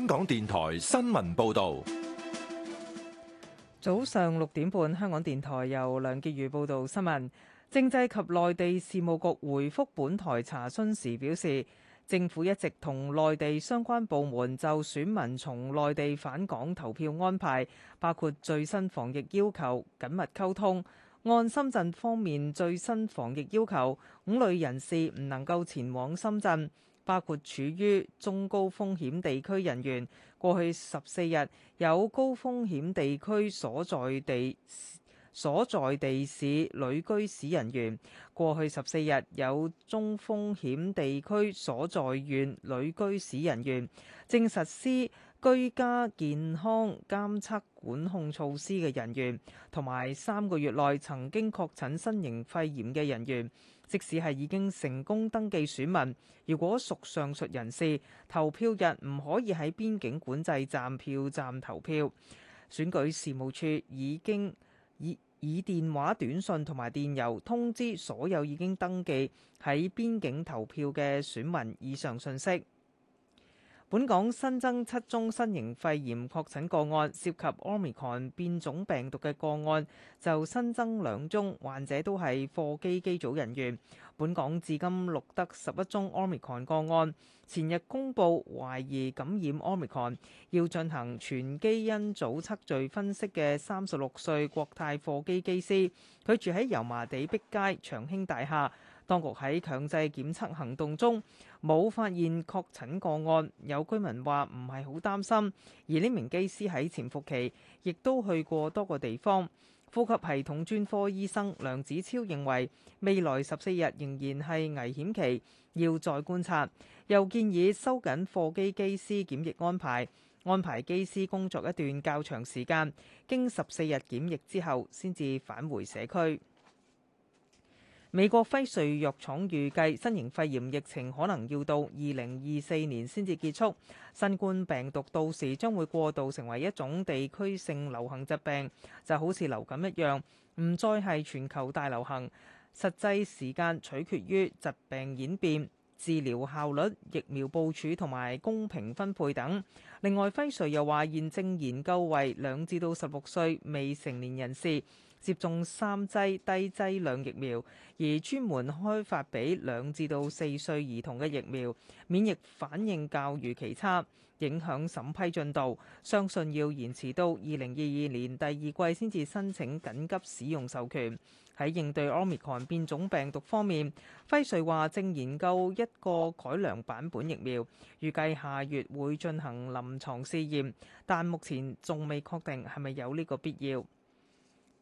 香港電台新聞報道，早上六點半，香港電台由梁潔如報道新聞。政制及內地事務局回覆本台查詢時表示，政府一直同內地相關部門就選民從內地返港投票安排，包括最新防疫要求，緊密溝通。按深圳方面最新防疫要求，五類人士唔能夠前往深圳。包括處於中高風險地區人員，過去十四日有高風險地區所在地所在地市旅居史人員，過去十四日有中風險地區所在縣旅居史人員，正實施居家健康監測管控措施嘅人員，同埋三個月內曾經確診新型肺炎嘅人員。即使係已經成功登記選民，如果屬上述人士，投票日唔可以喺邊境管制站票站投票。選舉事務處已經以以，以電話、短信同埋電郵通知所有已經登記喺邊境投票嘅選民以上信息。本港新增七宗新型肺炎確診個案，涉及 Omicron 變種病毒嘅個案就新增兩宗，患者都係貨機機組人員。本港至今錄得十一宗 Omicron 個案。前日公布懷疑感染 Omicron，要進行全基因組測序分析嘅三十六歲國泰貨機機師，佢住喺油麻地碧街長興大廈，當局喺強制檢測行動中，冇發現確診個案，有居民話唔係好擔心，而呢名機師喺潛伏期亦都去過多個地方。呼吸系統專科醫生梁子超認為，未來十四日仍然係危險期，要再觀察，又建議收緊貨機機師檢疫安排，安排機師工作一段較長時間，經十四日檢疫之後先至返回社區。美國輝瑞藥廠預計，新型肺炎疫情可能要到二零二四年先至結束。新冠病毒到時將會過渡成為一種地區性流行疾病，就好似流感一樣，唔再係全球大流行。實際時間取決於疾病演變。治療效率、疫苗部署同埋公平分配等。另外，輝瑞又話，現正研究為兩至到十六歲未成年人士接種三劑低劑量疫苗，而專門開發俾兩至到四歲兒童嘅疫苗，免疫反應較預期差，影響審批進度，相信要延遲到二零二二年第二季先至申請緊急使用授權。喺應對 Omicron 變種病毒方面，輝瑞話正研究一個改良版本疫苗，預計下月會進行臨床試驗，但目前仲未確定係咪有呢個必要。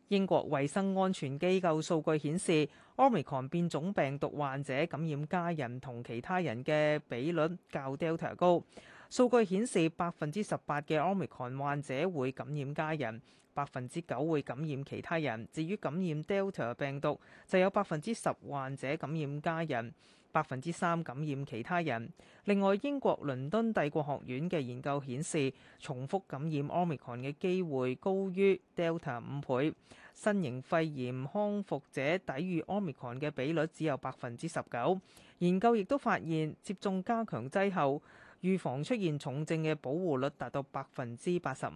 英國衞生安全機構數據顯示，Omicron 變種病毒患者感染家人同其他人嘅比率較 Delta 高。數據顯示，百分之十八嘅 Omicron 患者會感染家人。百分之九會感染其他人。至於感染 Delta 病毒，就有百分之十患者感染家人，百分之三感染其他人。另外，英國倫敦帝國學院嘅研究顯示，重複感染 Omicron 嘅機會高於 Delta 五倍。新型肺炎康復者抵禦 Omicron 嘅比率只有百分之十九。研究亦都發現，接種加強劑後，預防出現重症嘅保護率達到百分之八十五。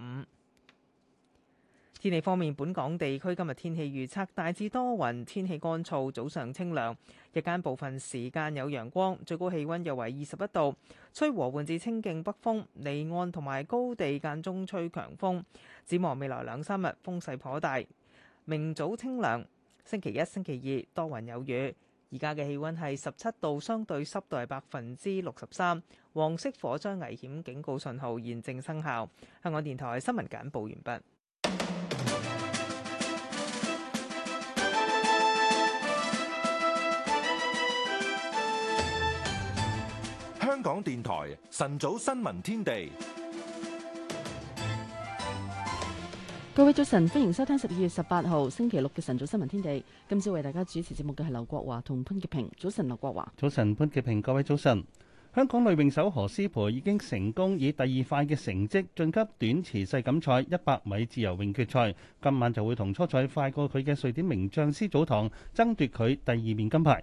天氣方面，本港地區今日天氣預測大致多雲，天氣乾燥，早上清涼，日間部分時間有陽光，最高氣溫約為二十一度，吹和緩至清勁北風，離岸同埋高地間中吹強風。展望未來兩三日風勢頗大，明早清涼，星期一、星期二多雲有雨。而家嘅氣溫係十七度，相對濕度係百分之六十三，黃色火災危險警告信號現正生效。香港電台新聞簡報完畢。香港電台晨早新聞天地，各位早晨，歡迎收聽十二月十八號星期六嘅晨早新聞天地。今次為大家主持節目嘅係劉國華同潘潔平。早晨，劉國華。早晨，潘潔平。各位早晨，香港女泳手何詩蓓已經成功以第二快嘅成績晉級短池世錦賽一百米自由泳決賽，今晚就會同初賽快過佢嘅瑞典名將司祖堂爭奪佢第二面金牌。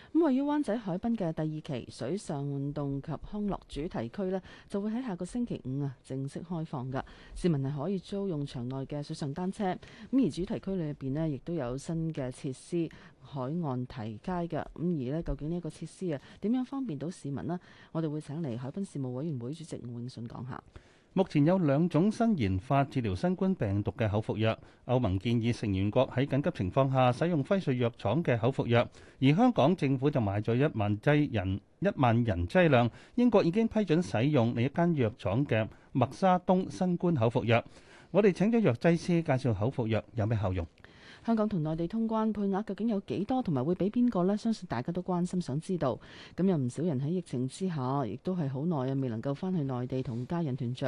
咁位於灣仔海濱嘅第二期水上運動及康樂主題區呢，就會喺下個星期五啊正式開放噶。市民係可以租用場內嘅水上單車。咁而主題區裏邊呢，亦都有新嘅設施海岸堤街噶。咁而呢，究竟呢一個設施啊，點樣方便到市民呢？我哋會請嚟海濱事務委員會主席吳永信講下。目前有兩種新研發治療新冠病毒嘅口服藥，歐盟建議成員國喺緊急情況下使用輝瑞藥廠嘅口服藥，而香港政府就買咗一萬劑人，一萬人劑量。英國已經批准使用另一間藥廠嘅默沙東新冠口服藥。我哋請咗藥劑師介紹口服藥有咩效用。香港同內地通關配額究竟有幾多，同埋會俾邊個呢？相信大家都關心想知道。咁有唔少人喺疫情之下，亦都係好耐啊，未能夠翻去內地同家人團聚。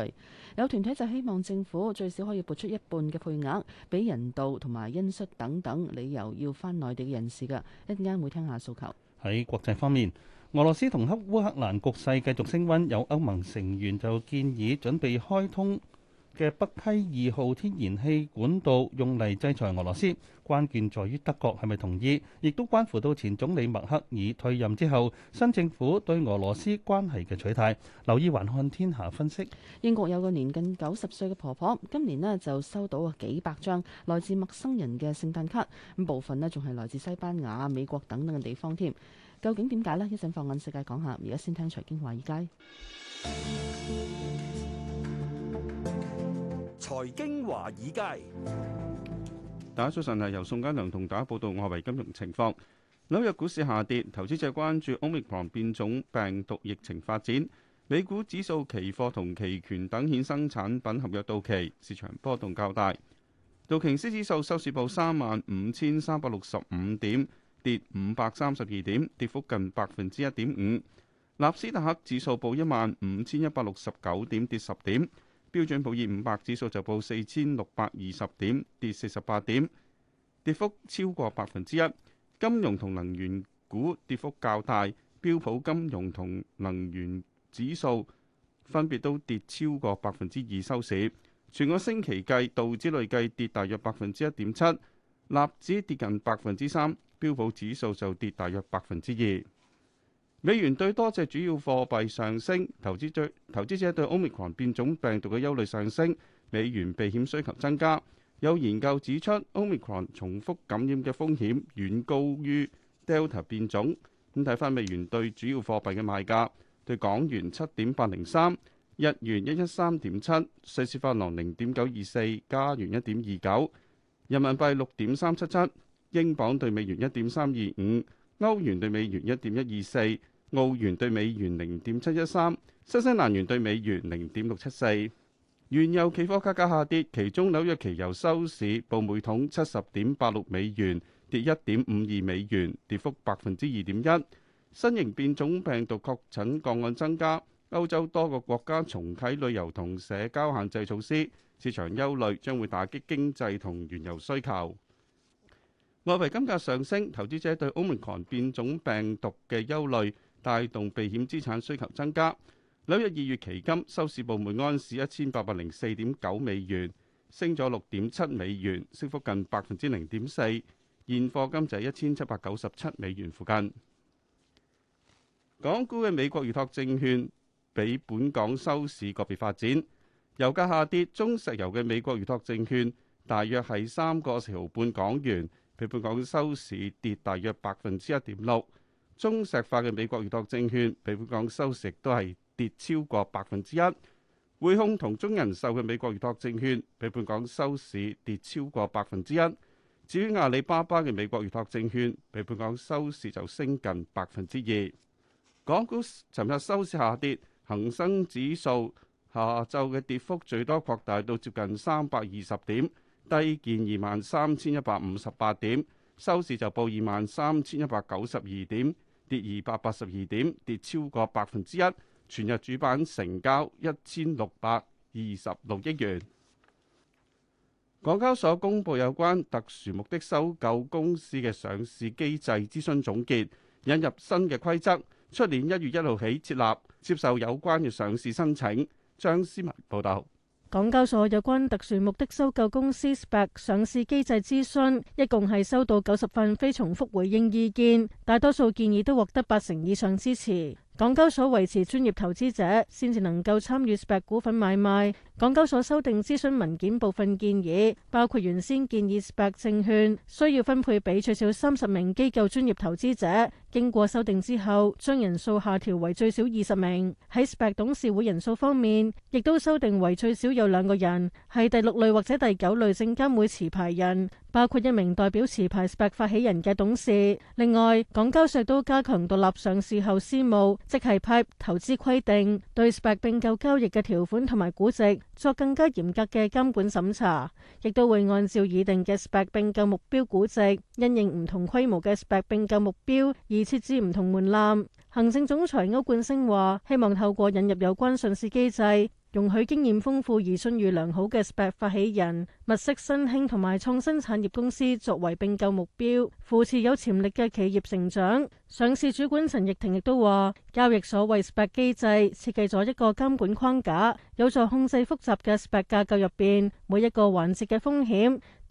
有團體就希望政府最少可以撥出一半嘅配額，俾人道同埋恩恤等等理由，要翻內地嘅人士㗎。一陣間會聽下訴求。喺國際方面，俄羅斯同黑烏克蘭局勢繼續升溫，有歐盟成員就建議準備開通嘅北溪二號天然氣管道用嚟制裁俄羅斯，關鍵在於德國係咪同意，亦都關乎到前總理默克爾退任之後新政府對俄羅斯關係嘅取態。留意環看天下分析。英國有個年近九十歲嘅婆婆，今年咧就收到啊幾百張來自陌生人嘅聖誕卡，咁部分咧仲係來自西班牙、美國等等嘅地方添。究竟點解咧？一陣放眼世界講下，而家先聽財經華爾街。財經華爾街，大家早晨，係由宋嘉良同大家報道外圍金融情況。紐約股市下跌，投資者關注奧密克戎變種病毒疫情發展。美股指數期貨同期權等衍生產品合約到期，市場波動較大。道瓊斯指數收市報三萬五千三百六十五點，跌五百三十二點，跌幅近百分之一點五。納斯達克指數報一萬五千一百六十九點，跌十點。標準普爾五百指數，就報四千六百二十點，跌四十八點，跌幅超過百分之一。金融同能源股跌幅較大，標普金融同能源指數分別都跌超過百分之二收市。全個星期計，道指累計跌大約百分之一點七，納指跌近百分之三，標普指數就跌大約百分之二。美元對多隻主要貨幣上升，投資追投資者對 Omicron 變種病毒嘅憂慮上升，美元避險需求增加。有研究指出，Omicron 重複感染嘅風險遠高於 Delta 變種。咁睇翻美元對主要貨幣嘅賣價，對港元七點八零三，日元一一三點七，瑞士法郎零點九二四，加元一點二九，人民幣六點三七七，英鎊對美元一點三二五，歐元對美元一點一二四。澳元兌美元零點七一三，新西蘭元兌美元零點六七四。原油期貨價格下跌，其中紐約期油收市報每桶七十點八六美元，跌一點五二美元，跌幅百分之二點一。新型變種病毒確診個案增加，歐洲多個國家重啟旅遊同社交限制措施，市場憂慮將會打擊經濟同原油需求。外圍金價上升，投資者對 Omicron 變種病毒嘅憂慮。帶動避險資產需求增加。紐約二月期金收市報每安市一千八百零四點九美元，升咗六點七美元，升幅近百分之零點四。現貨金就係一千七百九十七美元附近。港股嘅美國預託證券比本港收市個別發展，油價下跌，中石油嘅美國預託證券大約係三個四毫半港元，比本港收市跌大約百分之一點六。中石化嘅美國預託證券比本港收市亦都係跌超過百分之一，匯控同中人壽嘅美國預託證券比本港收市跌超過百分之一。至於阿里巴巴嘅美國預託證券比本港收市就升近百分之二。港股尋日收市下跌，恒生指數下晝嘅跌幅最多擴大到接近三百二十點，低見二萬三千一百五十八點，收市就報二萬三千一百九十二點。跌二百八十二點，跌超過百分之一。全日主板成交一千六百二十六億元。港交所公布有關特殊目的收購公司嘅上市機制諮詢總結，引入新嘅規則，出年一月一號起設立，接受有關嘅上市申請。張思文報道。港交所有關特殊目的收購公司 SPAC 上市機制諮詢，一共係收到九十份非重複回應意見，大多數建議都獲得八成以上支持。港交所維持專業投資者先至能夠參與 SPAC 股份買賣。港交所修訂諮詢文件部分建議，包括原先建議 SPAC 證券需要分配俾最少三十名機構專業投資者。經過修訂之後，將人數下調為最少二十名。喺 Spec 董事會人數方面，亦都修訂為最少有兩個人係第六類或者第九類證監會持牌人，包括一名代表持牌 Spec 發起人嘅董事。另外，港交所都加強獨立上市後私募，即係 PIPE 投資規定對 Spec 併購交易嘅條款同埋估值。作更加嚴格嘅監管審查，亦都會按照已定嘅 Spec 併購目標估值，因應唔同規模嘅 Spec 併購目標而設置唔同門檻。行政總裁歐冠昇話：希望透過引入有關信市機制。容許經驗豐富而信譽良好嘅 SPAC 發起人物色新興同埋創新產業公司作為併購目標，扶持有潛力嘅企業成長。上市主管陳奕霆亦都話，交易所為 SPAC 機制設計咗一個監管框架，有助控制複雜嘅 SPAC 架構入邊每一個環節嘅風險。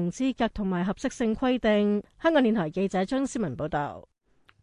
同資格同埋合適性規定。香港電台記者張思文報道。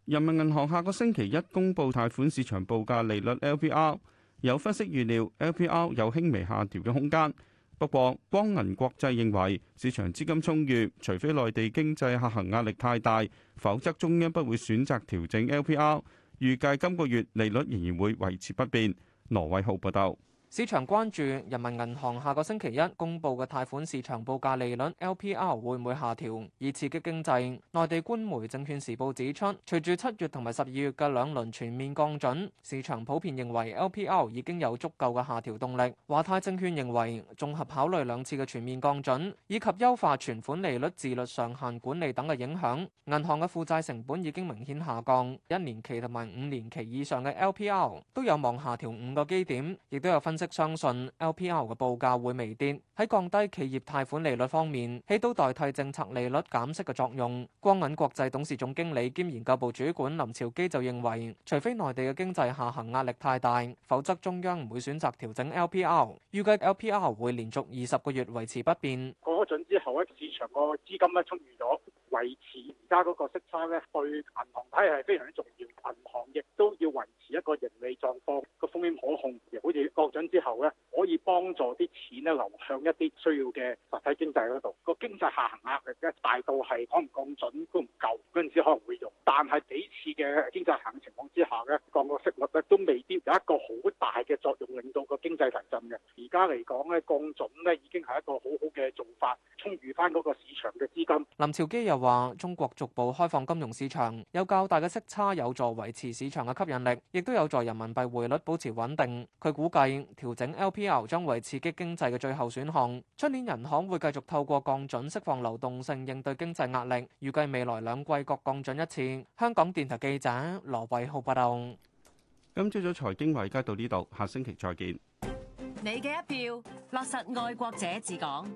人民銀行下個星期一公布貸款市場報價利率 LPR，有分析預料 LPR 有輕微下調嘅空間。不過，光銀國際認為市場資金充裕，除非內地經濟下行壓力太大，否則中央不會選擇調整 LPR。預計今個月利率仍然會維持不變。羅偉浩報道。市場關注人民銀行下個星期一公布嘅貸款市場報價利率 LPR 會唔會下調，以刺激經濟。內地官媒證券時報指出，隨住七月同埋十二月嘅兩輪全面降準，市場普遍認為 LPR 已經有足夠嘅下調動力。華泰證券認為，綜合考慮兩次嘅全面降準，以及優化存款利率、自律上限管理等嘅影響，銀行嘅負債成本已經明顯下降，一年期同埋五年期以上嘅 LPR 都有望下調五個基點，亦都有分。即相信 L P R 嘅報價會微跌，喺降低企業貸款利率方面起到代替政策利率減息嘅作用。光銀國際董事總經理兼研究部主管林朝基就認為，除非內地嘅經濟下行壓力太大，否則中央唔會選擇調整 L P R。預計 L P R 會連續二十個月維持不變。降咗準之後，市場個資金咧充裕咗。維持而家嗰個息差咧，對銀行體系非常之重要。銀行亦都要維持一個盈利狀況，個風險可控。好似降準之後咧，可以幫助啲錢咧流向一啲需要嘅實體經濟嗰度。個經濟下行壓力咧，大到係可能降準都唔夠。嗰陣時可能會用，但係幾次嘅經濟下行情況之下咧，降個息率咧都未必有一個好大嘅作用，令到個經濟提振嘅。而家嚟講咧，降準咧已經係一個好好嘅做法，充裕翻嗰個市場嘅資金。林朝基又話中國逐步開放金融市場，有較大嘅息差，有助維持市場嘅吸引力，亦都有助人民幣匯率保持穩定。佢估計調整 LPR 將為刺激經濟嘅最後選項。出年銀行會繼續透過降準釋放流動性，應對經濟壓力，預計未來兩季各降準一次。香港電台記者羅偉浩報道。今朝早財經圍街到呢度，下星期再見。你嘅一票，落實愛國者治港。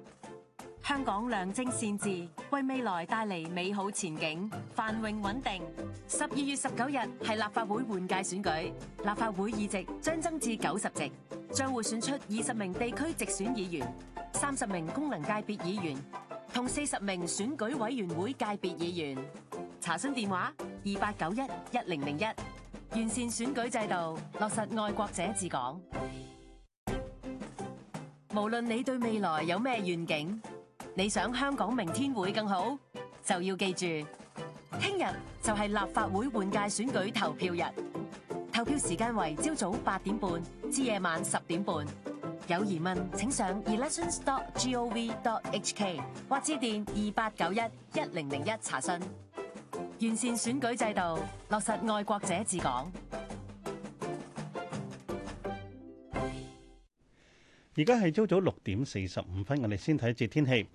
香港良政善治，為未來帶嚟美好前景繁榮穩定。十二月十九日係立法會換屆選舉，立法會議席將增至九十席，將會選出二十名地區直選議員、三十名功能界別議員同四十名選舉委員會界別議員。查詢電話：二八九一一零零一。完善選舉制度，落實愛國者治港。無論你對未來有咩願景。你想香港明天會更好，就要記住，聽日就係立法會換屆選舉投票日，投票時間為朝早八點半至夜晚十點半。有疑問，請上 elections.gov.hk 或致電二八九一一零零一查詢。完善選舉制度，落實愛國者治港。而家係朝早六點四十五分，我哋先睇一節天氣。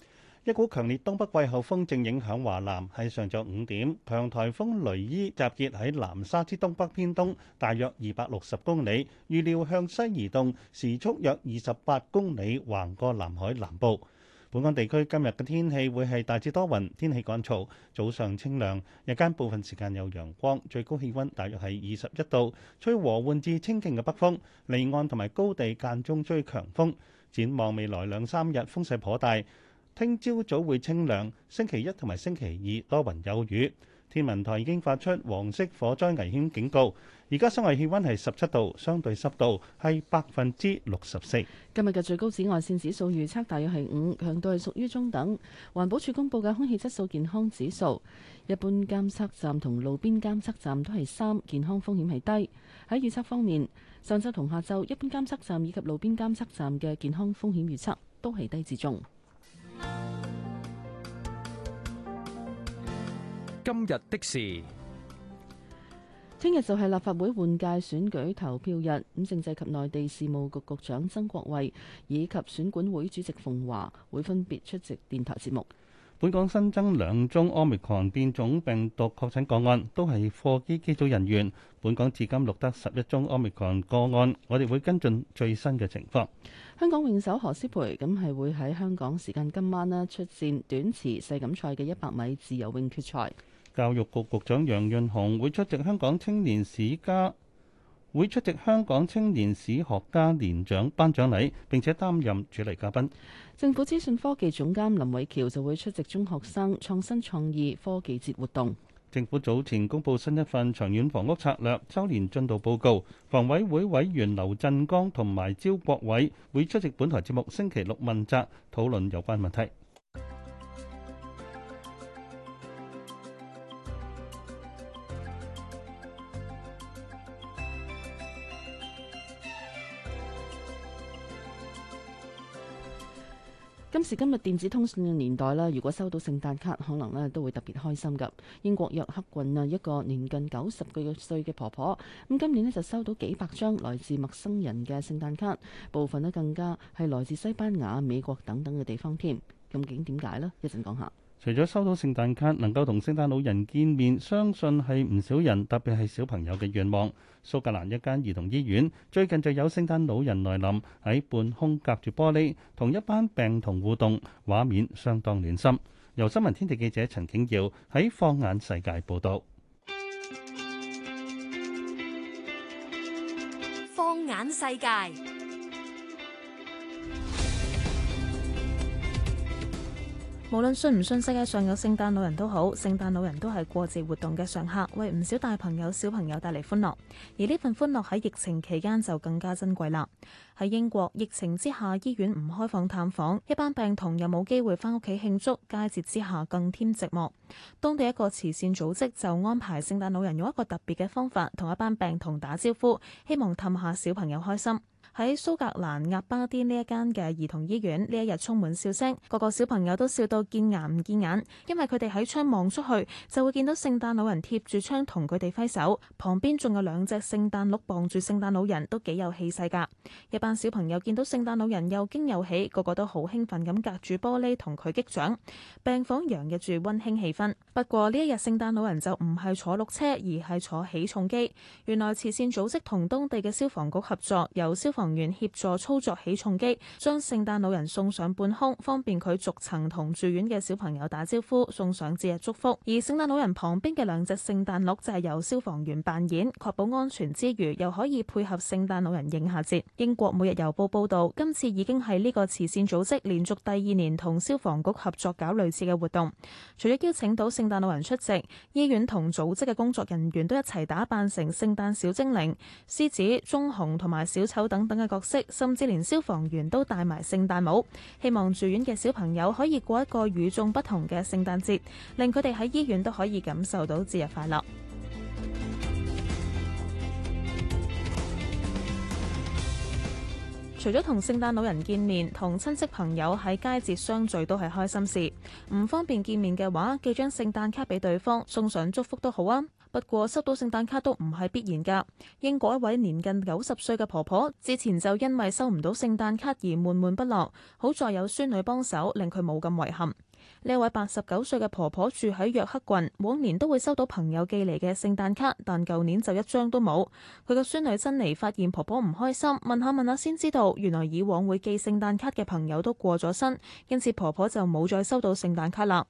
一股強烈東北季候風正影響華南，喺上晝五點，強颱風雷伊集結喺南沙之東北偏東，大約二百六十公里，預料向西移動，時速約二十八公里，橫過南海南部。本港地區今日嘅天氣會係大致多雲，天氣乾燥，早上清涼，日間部分時間有陽光，最高氣溫大約係二十一度，吹和緩至清勁嘅北風，離岸同埋高地間中吹強風。展望未來兩三日風勢頗大，聽朝早，早會清涼，星期一同埋星期二多雲有雨。天文台已經發出黃色火災危險警告，而家室外氣溫係十七度，相對濕度係百分之六十四。今日嘅最高紫外線指數預測大約係五，強度係屬於中等。環保署公佈嘅空氣質素健康指數，一般監測站同路邊監測站都係三，健康風險係低。喺預測方面，上晝同下晝一般監測站以及路邊監測站嘅健康風險預測都係低至中。今日的事，聽日就係立法會換屆選舉投票日。咁，政制及內地事務局局長曾國衛以及選管會主席馮華會分別出席電台節目。本港新增兩宗奧密克戎變種病毒確診個案，都係貨機機組人員。本港至今錄得十一宗奧密克戎個案，我哋會跟進最新嘅情況。香港泳手何思培咁係會喺香港時間今晚咧出戰短池世錦賽嘅一百米自由泳決賽。教育局局長楊潤雄會出席香港青年史家會出席香港青年史學家年獎頒獎禮，並且擔任主禮嘉賓。政府資訊科技總監林偉喬就會出席中學生創新創意科技節活動。政府早前公佈新一份長遠房屋策略週年進度報告，房委會委員劉振剛同埋招國偉會出席本台節目星期六問責，討論有關問題。今時今日電子通訊嘅年代啦，如果收到聖誕卡，可能咧都會特別開心噶。英國約克郡啊，一個年近九十個月歲嘅婆婆，咁今年咧就收到幾百張來自陌生人嘅聖誕卡，部分咧更加係來自西班牙、美國等等嘅地方添。咁究竟點解呢？一陣講下。除咗收到聖誕卡，能夠同聖誕老人見面，相信係唔少人，特別係小朋友嘅願望。蘇格蘭一間兒童醫院最近就有聖誕老人來臨喺半空隔住玻璃，同一班病童互動，畫面相當暖心。由新聞天地記者陳景耀喺《放眼世界》報道。《放眼世界》。無論信唔信世界上有聖誕老人都好，聖誕老人都係過節活動嘅常客，為唔少大朋友、小朋友帶嚟歡樂。而呢份歡樂喺疫情期間就更加珍貴啦。喺英國疫情之下，醫院唔開放探訪，一班病童又冇機會翻屋企慶祝，佳節之下更添寂寞。當地一個慈善組織就安排聖誕老人用一個特別嘅方法，同一班病童打招呼，希望氹下小朋友開心。喺蘇格蘭鴨巴甸呢一間嘅兒童醫院，呢一日充滿笑聲，個個小朋友都笑到見牙唔見眼，因為佢哋喺窗望出去，就會見到聖誕老人貼住窗同佢哋揮手，旁邊仲有兩隻聖誕鹿傍住聖誕老人，都幾有氣勢㗎。一班小朋友見到聖誕老人又驚又喜，個個都好興奮咁隔住玻璃同佢擊掌。病房洋溢住溫馨氣氛。不過呢一日聖誕老人就唔係坐鹿車，而係坐起重機。原來慈善組織同當地嘅消防局合作，由消防成員協助操作起重機，將聖誕老人送上半空，方便佢逐層同住院嘅小朋友打招呼，送上節日祝福。而聖誕老人旁邊嘅兩隻聖誕鹿就係由消防員扮演，確保安全之餘，又可以配合聖誕老人應下節。英國每日郵報報道，今次已經係呢個慈善組織連續第二年同消防局合作搞類似嘅活動。除咗邀請到聖誕老人出席，醫院同組織嘅工作人員都一齊打扮成聖誕小精靈、獅子、棕熊同埋小丑等等。嘅角色，甚至連消防員都戴埋聖誕帽，希望住院嘅小朋友可以過一個與眾不同嘅聖誕節，令佢哋喺醫院都可以感受到節日快樂。除咗同聖誕老人見面，同親戚朋友喺佳節相聚都係開心事。唔方便見面嘅話，寄張聖誕卡俾對方送上祝福都好啊。不過收到聖誕卡都唔係必然噶。英國一位年近九十歲嘅婆婆，之前就因為收唔到聖誕卡而悶悶不樂，好在有孫女幫手，令佢冇咁遺憾。呢位八十九歲嘅婆婆住喺約克郡，往年都會收到朋友寄嚟嘅聖誕卡，但舊年就一張都冇。佢個孫女珍妮發現婆婆唔開心，問下問下先知道，原來以往會寄聖誕卡嘅朋友都過咗身，因此婆婆就冇再收到聖誕卡啦。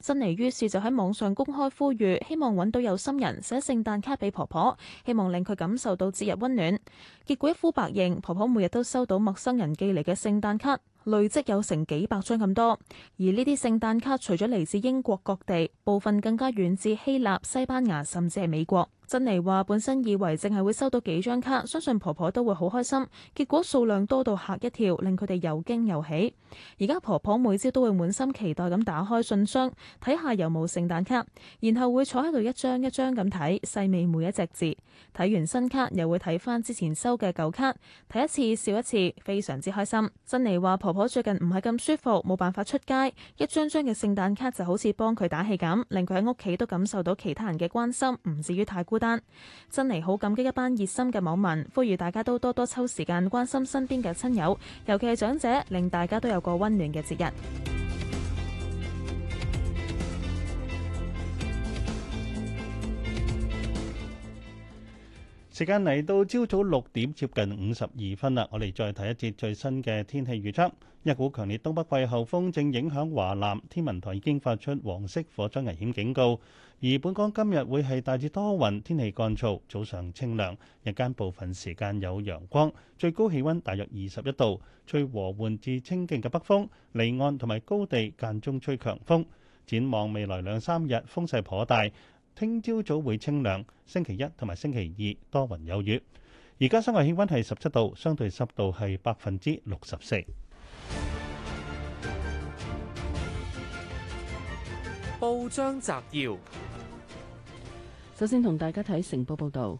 珍妮於是就喺網上公開呼籲，希望揾到有心人寫聖誕卡俾婆婆，希望令佢感受到節日溫暖。結果一呼百應，婆婆每日都收到陌生人寄嚟嘅聖誕卡。累積有成幾百張咁多，而呢啲聖誕卡除咗嚟自英國各地，部分更加遠至希臘、西班牙，甚至係美國。珍妮話本身以為淨係會收到幾張卡，相信婆婆都會好開心。結果數量多到嚇一跳，令佢哋又驚又喜。而家婆婆每朝都會滿心期待咁打開信箱，睇下有冇聖誕卡，然後會坐喺度一張一張咁睇，細味每一隻字。睇完新卡又會睇翻之前收嘅舊卡，睇一次笑一次，非常之開心。珍妮話婆婆最近唔係咁舒服，冇辦法出街，一張張嘅聖誕卡就好似幫佢打氣咁，令佢喺屋企都感受到其他人嘅關心，唔至於太過孤單，珍妮好感激一班熱心嘅網民，呼籲大家都多多抽時間關心身邊嘅親友，尤其係長者，令大家都有個溫暖嘅節日。時間嚟到朝早六點接近五十二分啦，我哋再睇一節最新嘅天氣預測。一股強烈東北季候風正影響華南，天文台已經發出黃色火災危險警告。而本港今日會係大致多雲，天氣乾燥，早上清涼，日間部分時間有陽光，最高氣温大約二十一度，吹和緩至清勁嘅北風，離岸同埋高地間中吹強風。展望未來兩三日風勢頗大。聽朝早會清涼，星期一同埋星期二多雲有雨。而家室外氣温係十七度，相對濕度係百分之六十四。報章摘要，首先同大家睇成報報道。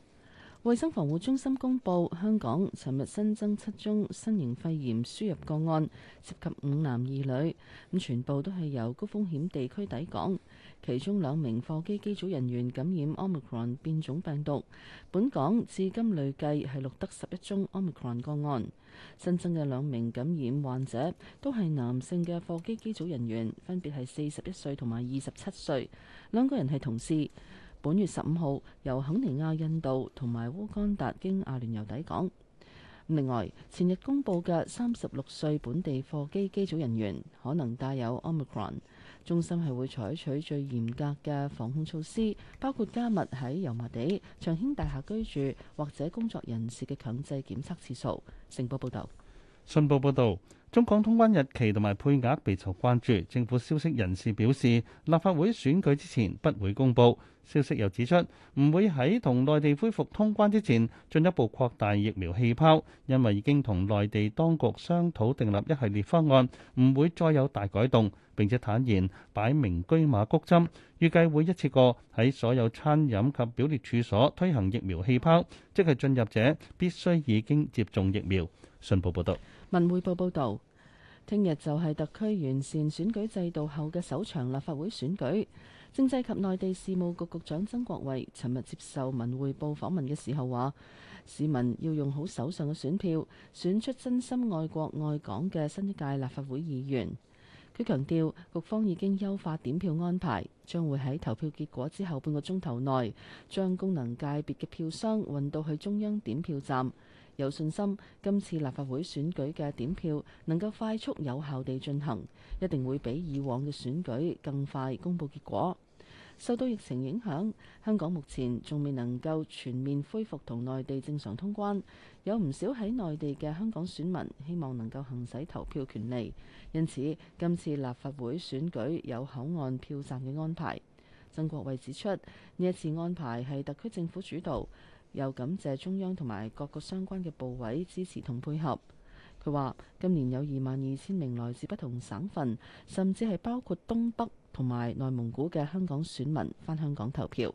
衛生防護中心公布，香港尋日新增七宗新型肺炎輸入個案，涉及五男二女，咁全部都係由高風險地區抵港。其中兩名貨機機組人員感染 Omicron 變種病毒，本港至今累計係錄得十一宗 Omicron 個案。新增嘅兩名感染患者都係男性嘅貨機機組人員，分別係四十一歲同埋二十七歲，兩個人係同事。本月十五號由肯尼亞、印度同埋烏干達經阿聯酋抵港。另外，前日公布嘅三十六歲本地貨機機組人員可能帶有 Omicron，中心係會採取最嚴格嘅防控措施，包括加密喺油麻地長興大廈居住或者工作人士嘅強制檢測次數。成報報導，信報報道。中港通關日期同埋配額備受關注，政府消息人士表示，立法會選舉之前不會公佈。消息又指出，唔會喺同內地恢復通關之前進一步擴大疫苗氣泡，因為已經同內地當局商討訂立一系列方案，唔會再有大改動。並且坦言，擺明車馬谷針，預計會一次過喺所有餐飲及表列處所推行疫苗氣泡，即係進入者必須已經接種疫苗。信報報道。文匯報報道，聽日就係特區完善選舉制度後嘅首場立法會選舉。政制及內地事務局局長曾國衛尋日接受文匯報訪問嘅時候話，市民要用好手上嘅選票，選出真心愛國愛港嘅新一屆立法會議員。佢強調，局方已經優化點票安排，將會喺投票結果之後半個鐘頭內，將功能界別嘅票箱運到去中央點票站。有信心今次立法會選舉嘅點票能夠快速有效地進行，一定會比以往嘅選舉更快公佈結果。受到疫情影響，香港目前仲未能夠全面恢復同內地正常通關，有唔少喺內地嘅香港選民希望能夠行使投票權利，因此今次立法會選舉有口岸票站嘅安排。曾國衛指出，呢一次安排係特區政府主導。又感謝中央同埋各個相關嘅部委支持同配合。佢話：今年有二萬二千名來自不同省份，甚至係包括東北同埋內蒙古嘅香港選民返香港投票。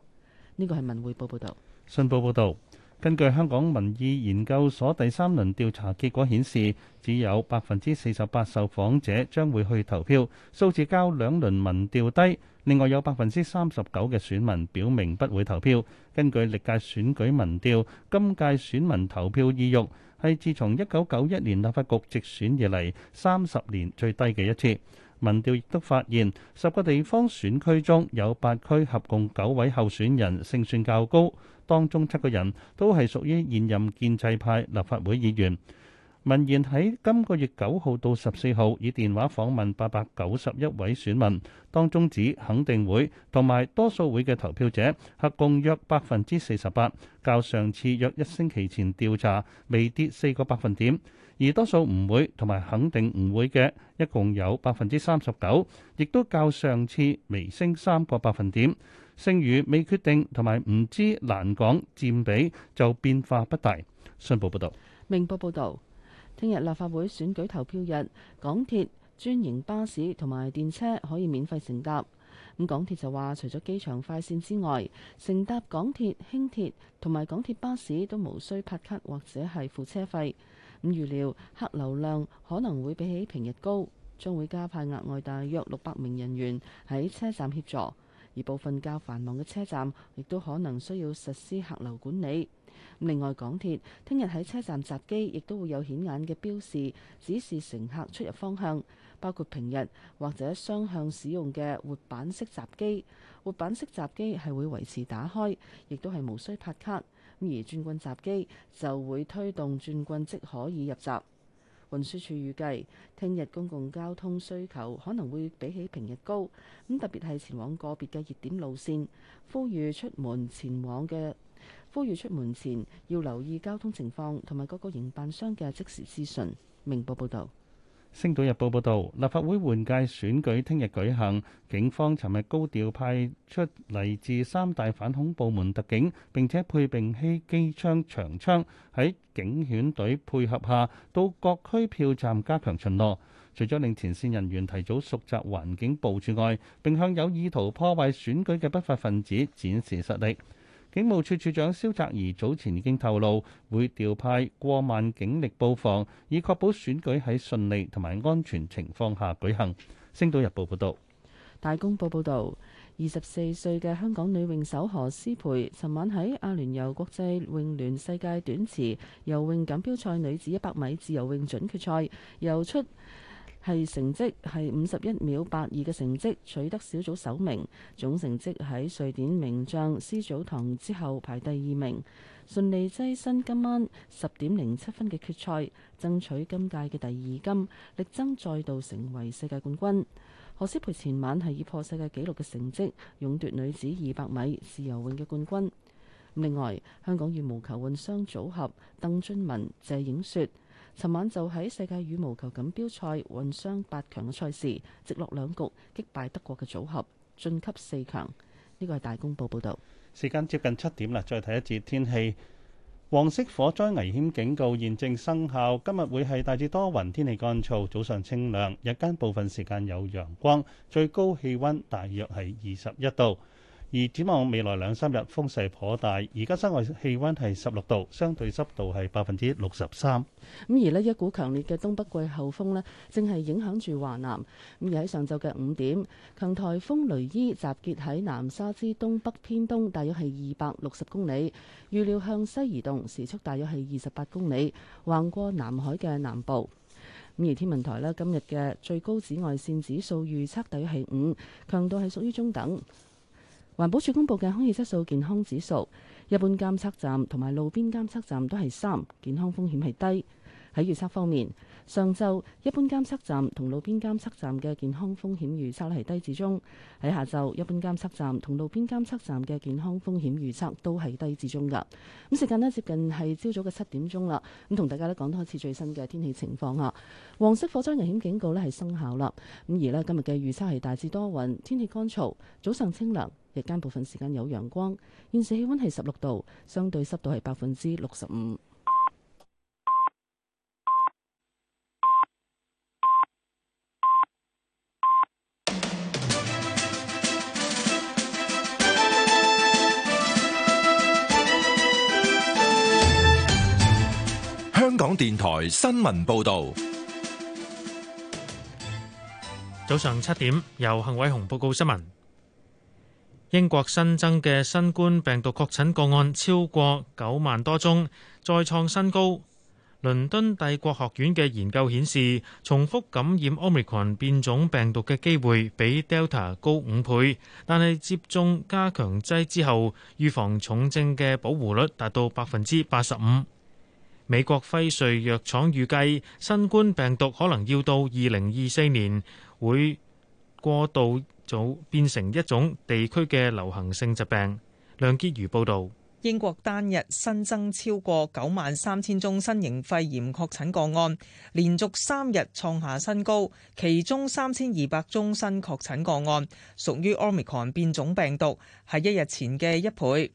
呢個係文匯報報導。信報報導，根據香港民意研究所第三輪調查結果顯示，只有百分之四十八受訪者將會去投票，數字較兩輪民調低。另外有百分之三十九嘅選民表明不會投票。根據歷屆選舉民調，今屆選民投票意欲係自從一九九一年立法局直選以嚟三十年最低嘅一次。民調亦都發現，十個地方選區中有八區合共九位候選人勝算較高，當中七個人都係屬於現任建制派立法會議員。文言喺今個月九號到十四號以電話訪問八百九十一位選民，當中指肯定會同埋多數會嘅投票者合共約百分之四十八，較上次約一星期前調查未跌四個百分點。而多數唔會同埋肯定唔會嘅一共有百分之三十九，亦都較上次微升三個百分點。剩餘未決定同埋唔知難講佔比就變化不大。信報報道。明報報導。聽日立法會選舉投票日，港鐵、專營巴士同埋電車可以免費乘搭。咁港鐵就話，除咗機場快線之外，乘搭港鐵、輕鐵同埋港鐵巴士都無需拍卡或者係付車費。咁預料客流量可能會比起平日高，將會加派額外大約六百名人員喺車站協助，而部分較繁忙嘅車站亦都可能需要實施客流管理。另外港，港鐵聽日喺車站閘機亦都會有顯眼嘅標示，指示乘客出入方向，包括平日或者雙向使用嘅活板式閘機，活板式閘機係會維持打開，亦都係無需拍卡。而轉棍閘機就會推動轉棍，即可以入閘。運輸署預計聽日公共交通需求可能會比起平日高，咁特別係前往個別嘅熱點路線，呼籲出門前往嘅。呼籲出門前要留意交通情況同埋各個營辦商嘅即時資訊。明報報道：《星島日報》報道，立法會換屆選舉聽日舉行，警方尋日高調派出嚟自三大反恐部門特警，並且配備機槍、長槍，喺警犬隊配合下，到各區票站加強巡邏，除咗令前線人員提早熟習環境部署外，並向有意圖破壞選舉嘅不法分子展示實力。警務處處長蕭澤頤早前已經透露，會調派過萬警力布防，以確保選舉喺順利同埋安全情況下舉行。星島日報報道，大公報報道，二十四歲嘅香港女泳手何詩蓓，尋晚喺阿聯酋國際泳聯世界短池游泳錦標賽女子一百米自由泳準決賽游出。係成績係五十一秒八二嘅成績，取得小組首名，總成績喺瑞典名將斯祖堂之後排第二名，順利躋身今晚十點零七分嘅決賽，爭取今屆嘅第二金，力爭再度成為世界冠軍。何詩蓓前晚係以破世界紀錄嘅成績，勇奪女子二百米自由泳嘅冠軍。另外，香港羽毛球混雙組合鄧俊文、謝影雪。尋晚就喺世界羽毛球錦標賽混雙八強嘅賽事，直落兩局擊敗德國嘅組合，晉級四強。呢個係大公報報道。時間接近七點啦，再睇一節天氣。黃色火災危險警告現正生效，今日會係大致多雲，天氣乾燥，早上清涼，日間部分時間有陽光，最高氣溫大約係二十一度。而展望未來兩三日風勢頗大，而家室外氣温係十六度，相對濕度係百分之六十三。咁而呢一股強烈嘅東北季候風呢，正係影響住華南。咁而喺上晝嘅五點，強颱風雷伊集結喺南沙之東北偏東，大約係二百六十公里，預料向西移動，時速大約係二十八公里，橫過南海嘅南部。咁而天文台呢今日嘅最高紫外線指數預測大約係五，強度係屬於中等。環保署公布嘅空氣質素健康指數，一般監測站同埋路邊監測站都係三，健康風險係低。喺預測方面。上晝一般監測站同路邊監測站嘅健康風險預測係低至中。喺下晝一般監測站同路邊監測站嘅健康風險預測都係低至中噶。咁時間呢，接近係朝早嘅七點鐘啦。咁同大家呢講多次最新嘅天氣情況啊。黃色火災危險警告呢係生效啦。咁而呢，今日嘅預測係大致多雲，天氣乾燥，早上清涼，日間部分時間有陽光。現時氣溫係十六度，相對濕度係百分之六十五。香港電台新聞報道，早上七點由幸偉雄報告新聞。英國新增嘅新冠病毒確診個案超過九萬多宗，再創新高。倫敦帝國學院嘅研究顯示，重複感染 omicron 變種病毒嘅機會比 Delta 高五倍，但係接種加強劑之後，預防重症嘅保護率達到百分之八十五。嗯美國輝瑞藥廠預計，新冠病毒可能要到二零二四年會過渡組變成一種地區嘅流行性疾病。梁潔如報導，英國單日新增超過九萬三千宗新型肺炎確診個案，連續三日創下新高，其中三千二百宗新確診個案屬於奧密克戎變種病毒，係一日前嘅一倍。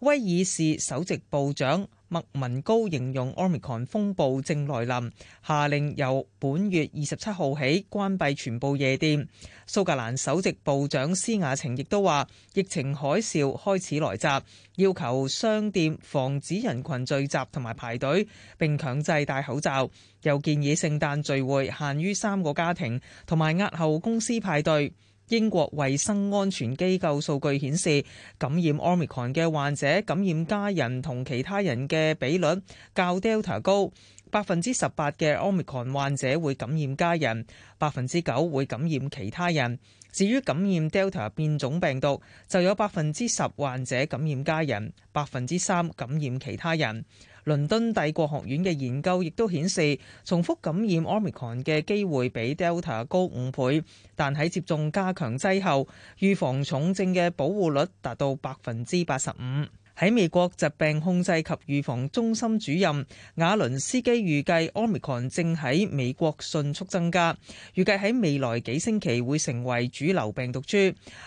威爾士首席部長麥文高形容 Omicron 風暴正來臨，下令由本月二十七號起關閉全部夜店。蘇格蘭首席部長施雅晴亦都話：疫情海嘯開始來襲，要求商店防止人群聚集同埋排隊，並強制戴口罩。又建議聖誕聚會限於三個家庭，同埋押後公司派對。英國衞生安全機構數據顯示，感染 Omicron 嘅患者感染家人同其他人嘅比率較 Delta 高，百分之十八嘅 Omicron 患者會感染家人，百分之九會感染其他人。至於感染 Delta 變種病毒，就有百分之十患者感染家人，百分之三感染其他人。倫敦帝國學院嘅研究亦都顯示，重複感染 Omicron 嘅機會比 Delta 高五倍，但喺接種加強劑後，預防重症嘅保護率達到百分之八十五。喺美國疾病控制及預防中心主任亞倫斯基預計，Omicron 正喺美國迅速增加，預計喺未來幾星期會成為主流病毒株。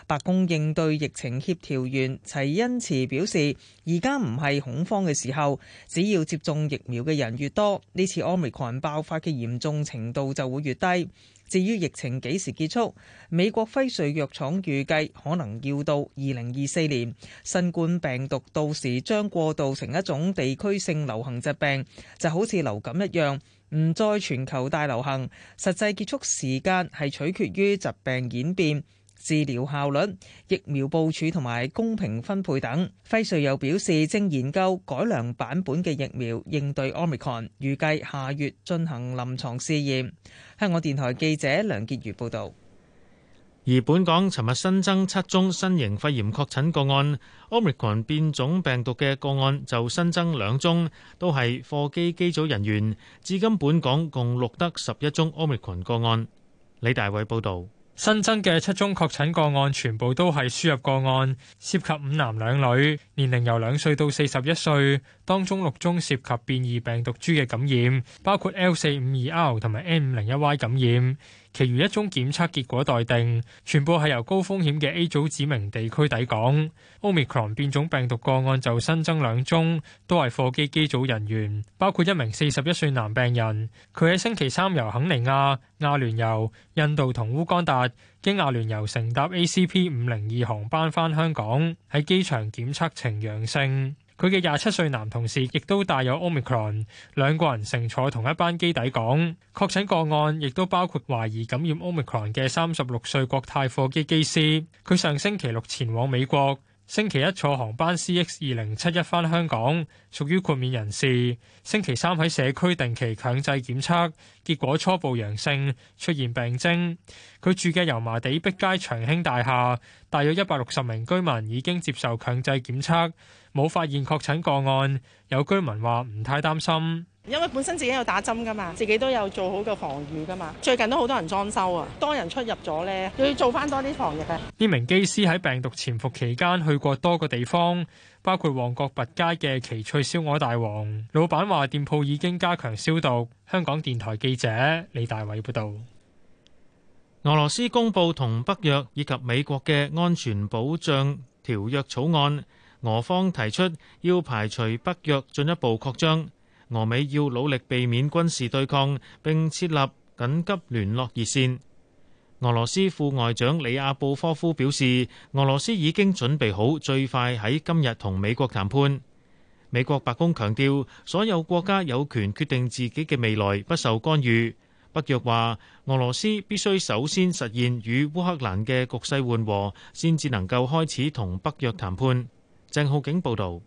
白宮應對疫情協調員齊恩慈表示，而家唔係恐慌嘅時候，只要接種疫苗嘅人越多，呢次 Omicron 爆發嘅嚴重程度就會越低。至於疫情幾時結束？美國輝瑞藥廠預計可能要到二零二四年，新冠病毒到時將過渡成一種地區性流行疾病，就好似流感一樣，唔再全球大流行。實際結束時間係取決於疾病演變、治療效率、疫苗部署同埋公平分配等。輝瑞又表示，正研究改良版本嘅疫苗應對 Omicron，預計下月進行臨床試驗。香港電台記者梁潔如報導。而本港尋日新增七宗新型肺炎確診個案，Omicron 變種病毒嘅個案就新增兩宗，都係貨機機組人員。至今本港共錄得十一宗 Omicron 個案。李大偉報導。新增嘅七宗確診個案全部都係輸入個案，涉及五男兩女，年齡由兩歲到四十一歲，當中六宗涉及變異病毒株嘅感染，包括 L 四五二 R 同埋 N 五零一 Y 感染。其餘一宗檢測結果待定，全部係由高風險嘅 A 組指明地區抵港。Omicron 變種病毒個案就新增兩宗，都係貨機機組人員，包括一名四十一歲男病人，佢喺星期三由肯尼亞、阿聯酋、印度同烏干達經阿聯酋乘搭 A C P 五零二航班返香港，喺機場檢測呈陽性。佢嘅廿七歲男同事亦都帶有 Omicron，兩個人乘坐同一班機抵港。確診個案亦都包括懷疑感染 Omicron 嘅三十六歲國泰貨機機師。佢上星期六前往美國，星期一坐航班 CX 二零七一返香港，屬於豁免人士。星期三喺社區定期強制檢測，結果初步陽性，出現病徵。佢住嘅油麻地碧街長興大廈，大約一百六十名居民已經接受強制檢測。冇發現確診個案，有居民話唔太擔心，因為本身自己有打針㗎嘛，自己都有做好個防禦㗎嘛。最近都好多人裝修啊，多人出入咗呢，要做返多啲防疫啊。呢名機師喺病毒潛伏期間去過多個地方，包括旺角拔街嘅奇趣燒鵝大王。老闆話店鋪已經加強消毒。香港電台記者李大偉報導。俄羅斯公佈同北約以及美國嘅安全保障條約草案。俄方提出要排除北約進一步擴張，俄美要努力避免軍事對抗，並設立緊急聯絡熱線。俄羅斯副外長里亞布科夫表示，俄羅斯已經準備好最快喺今日同美國談判。美國白宮強調，所有國家有權決定自己嘅未來，不受干預。北約話，俄羅斯必須首先實現與烏克蘭嘅局勢緩和，先至能夠開始同北約談判。鄭浩景報道：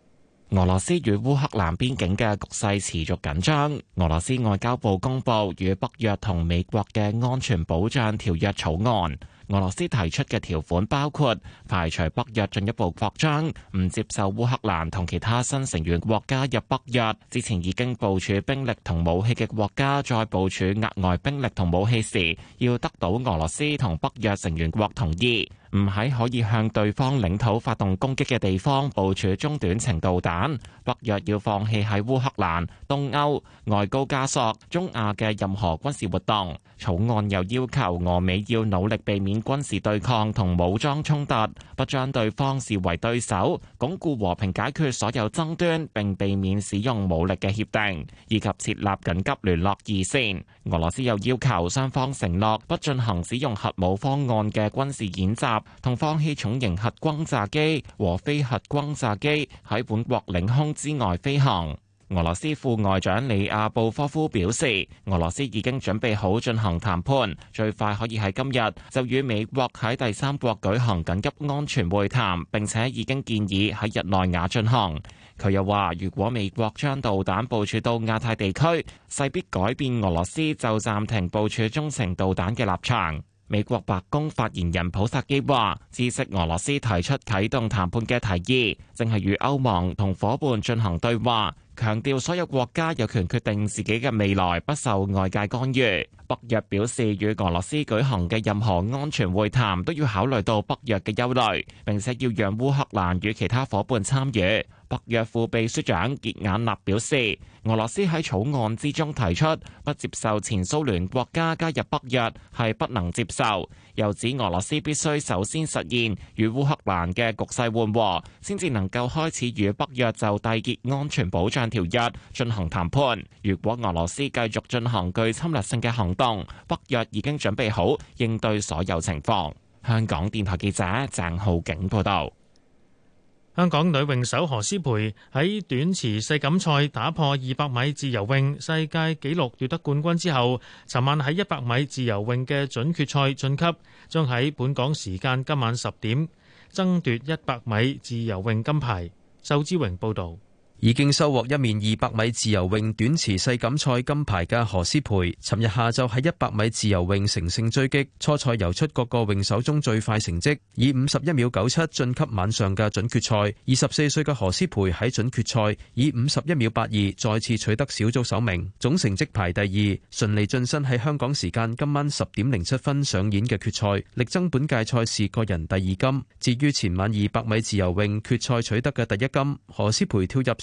俄羅斯與烏克蘭邊境嘅局勢持續緊張。俄羅斯外交部公佈與北約同美國嘅安全保障條約草案。俄羅斯提出嘅條款包括排除北約進一步擴張，唔接受烏克蘭同其他新成員國加入北約。之前已經部署兵力同武器嘅國家，在部署額外兵力同武器時，要得到俄羅斯同北約成員國同意。唔喺可以向對方領土發動攻擊嘅地方部署中短程導彈，北約要放棄喺烏克蘭、東歐、外高加索、中亞嘅任何軍事活動。草案又要求俄美要努力避免軍事對抗同武裝衝突，不將對方視為對手，鞏固和平解決所有爭端並避免使用武力嘅協定，以及設立緊急聯絡二線。俄羅斯又要求雙方承諾不進行使用核武方案嘅軍事演習。同放棄重型核轟炸機和非核轟炸機喺本國領空之外飛行。俄羅斯副外長里亞布科夫表示，俄羅斯已經準備好進行談判，最快可以喺今日就與美國喺第三國舉行緊急安全會談，並且已經建議喺日內瓦進行。佢又話，如果美國將導彈部署到亞太地區，勢必改變俄羅斯就暫停部署中程導彈嘅立場。美國白宮發言人普薩基話，知悉俄羅斯提出啟動談判嘅提議，正係與歐盟同伙伴進行對話，強調所有國家有權決定自己嘅未來，不受外界干預。北約表示，與俄羅斯舉行嘅任何安全會談都要考慮到北約嘅憂慮，並且要讓烏克蘭與其他伙伴參與。北約副秘書長杰眼納表示，俄羅斯喺草案之中提出不接受前蘇聯國家加入北約係不能接受，又指俄羅斯必須首先實現與烏克蘭嘅局勢緩和，先至能夠開始與北約就締結安全保障條約進行談判。如果俄羅斯繼續進行具侵略性嘅行動，北約已經準備好應對所有情況。香港電台記者鄭浩景報道。香港女泳手何詩蓓喺短池世錦賽打破二百米自由泳世界紀錄奪得冠軍之後，尋晚喺一百米自由泳嘅準決賽晉級，將喺本港時間今晚十點爭奪一百米自由泳金牌。周志榮報道。已經收穫一面二百米自由泳短池世錦賽金牌嘅何詩蓓，尋日下晝喺一百米自由泳乘勝追擊，初賽游出各個泳手中最快成績，以五十一秒九七晉級晚上嘅準決賽。二十四歲嘅何詩蓓喺準決賽以五十一秒八二再次取得小組首名，總成績排第二，順利晉身喺香港時間今晚十點零七分上演嘅決賽，力爭本屆賽事個人第二金。至於前晚二百米自由泳決賽取得嘅第一金，何詩蓓跳入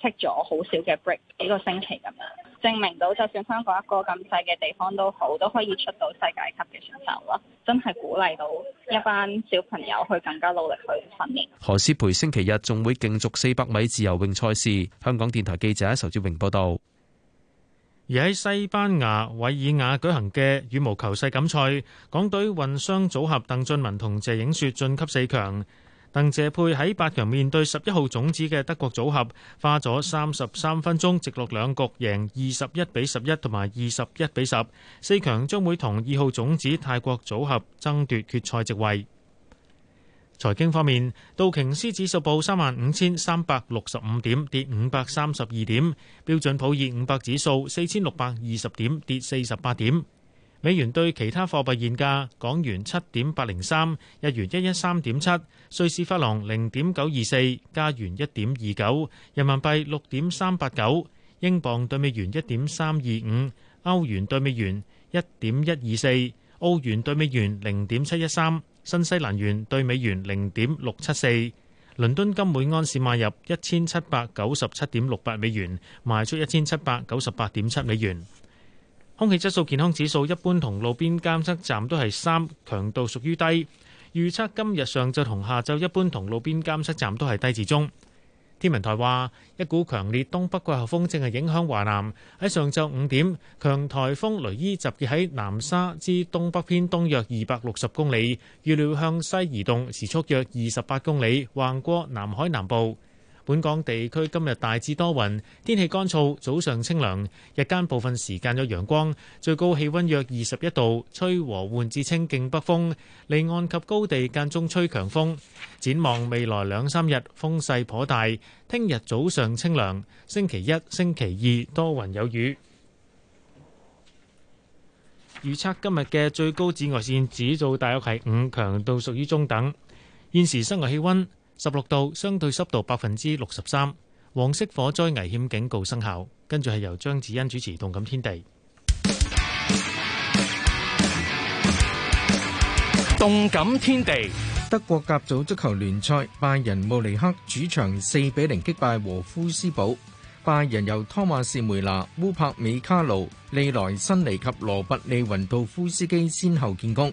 息咗好少嘅 break 幾個星期咁樣，證明到就算香港一個咁細嘅地方都好，都可以出到世界級嘅選手咯，真係鼓勵到一班小朋友去更加努力去訓練。何詩蓓星期日仲會競逐四百米自由泳賽事。香港電台記者仇志榮報道。而喺西班牙韋爾瓦舉行嘅羽毛球世錦賽，港隊混雙組合鄧俊文同謝影雪晉級四強。鄧謝佩喺八強面對十一號種子嘅德國組合，花咗三十三分鐘，直落兩局贏二十一比十一同埋二十一比十。四強將會同二號種子泰國組合爭奪決賽席位。財經方面，道瓊斯指數報三萬五千三百六十五點，跌五百三十二點；標準普爾五百指數四千六百二十點，跌四十八點。美元兌其他貨幣現價：港元七點八零三，日元一一三點七，瑞士法郎零點九二四，加元一點二九，人民幣六點三八九，英鎊對美元一點三二五，歐元對美元一點一二四，澳元對美元零點七一三，新西蘭元對美元零點六七四。倫敦金每安士賣入一千七百九十七點六八美元，賣出一千七百九十八點七美元。空氣質素健康指數一般同路邊監測站都係，三強度屬於，屬於低預測。今日上晝同下晝一般同路邊監測站都係低至中。天文台話，一股強烈東北季候風正係影響華南。喺上晝五點，強颱風雷伊集結喺南沙之東北偏東約二百六十公里，預料向西移動，時速約二十八公里，橫過南海南部。本港地區今日大致多雲，天氣乾燥，早上清涼，日間部分時間有陽光，最高氣溫約二十一度，吹和緩至清勁北風，離岸及高地間中吹強風。展望未來兩三日風勢頗大，聽日早上清涼，星期一、星期二多雲有雨。預測今日嘅最高紫外線指數大約係五，強度屬於中等。現時室外氣溫。十六度，相對濕度百分之六十三，黃色火災危險警告生效。跟住係由張子欣主持《動感天地》。《動感天地》，德國甲組足球聯賽，拜仁慕尼克主場四比零擊敗禾夫斯堡。拜仁由湯馬士梅拿、烏帕美卡奴、利萊辛尼及羅伯利雲杜夫斯基先後建功。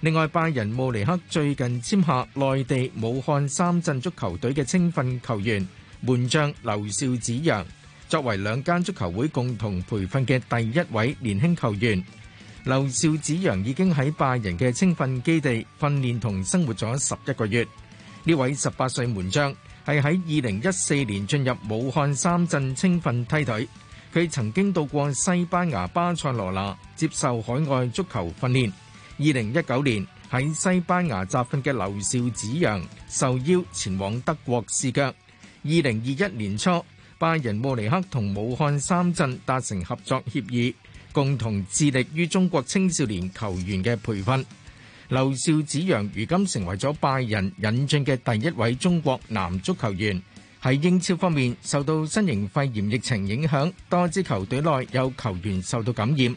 另外，拜仁慕尼克最近簽下內地武漢三鎮足球隊嘅青訓球員門將劉少子陽，作為兩間足球會共同培訓嘅第一位年輕球員，劉少子陽已經喺拜仁嘅青訓基地訓練同生活咗十一個月。呢位十八歲門將係喺二零一四年進入武漢三鎮青訓梯隊，佢曾經到過西班牙巴塞羅那接受海外足球訓練。二零一九年喺西班牙集訓嘅劉少子陽受邀前往德國試腳。二零二一年初，拜仁慕尼黑同武漢三鎮達成合作協議，共同致力於中國青少年球員嘅培訓。劉少子陽如今成為咗拜仁引進嘅第一位中國男足球員。喺英超方面，受到新型肺炎疫情影響，多支球隊內有球員受到感染。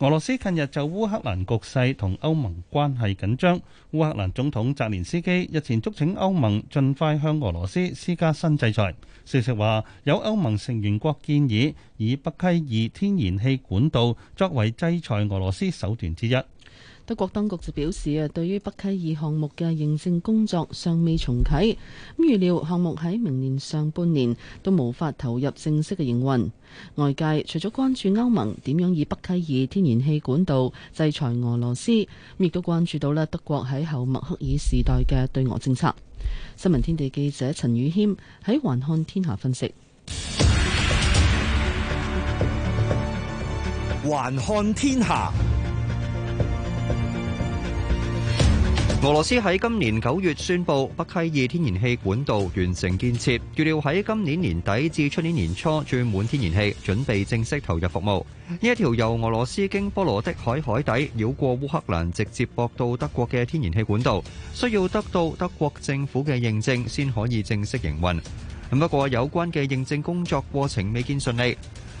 俄羅斯近日就烏克蘭局勢同歐盟關係緊張，烏克蘭總統澤連斯基日前促請歐盟盟盡快向俄羅斯施加新制裁。消息話，有歐盟成員國建議以北溪二天然氣管道作為制裁俄羅斯手段之一。德國當局就表示啊，對於北溪二項目嘅認證工作尚未重啟，咁預料項目喺明年上半年都無法投入正式嘅營運。外界除咗關注歐盟點樣以北溪二天然氣管道制裁俄羅斯，亦都關注到啦德國喺後默克爾時代嘅對俄政策。新聞天地記者陳宇謙喺橫看天下分析。橫看天下。俄羅斯喺今年九月宣布北溪二天然氣管道完成建設，預料喺今年年底至出年年初注滿天然氣，準備正式投入服務。呢一條由俄羅斯經波羅的海海底繞過烏克蘭，直接駁到德國嘅天然氣管道，需要得到德國政府嘅認證先可以正式營運。咁不過有關嘅認證工作過程未見順利。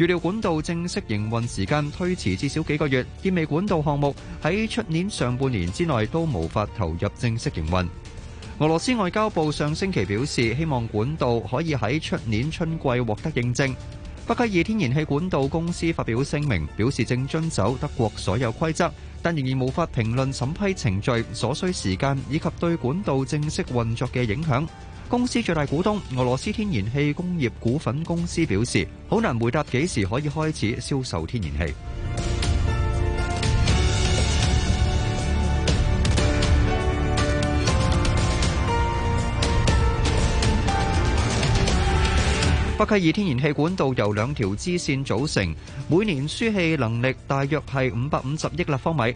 預料管道正式營運時間推遲至少幾個月，意味管道項目喺出年上半年之內都無法投入正式營運。俄羅斯外交部上星期表示，希望管道可以喺出年春季獲得認證，北溪二天然氣管道公司發表聲明，表示正遵守德國所有規則，但仍然無法評論審批程序所需時間以及對管道正式運作嘅影響。公司最大股東俄羅斯天然氣工業股份公司表示，好難回答幾時可以開始銷售天然氣。北溪二天然氣管道由兩條支線組成，每年輸氣能力大約係五百五十億立方米。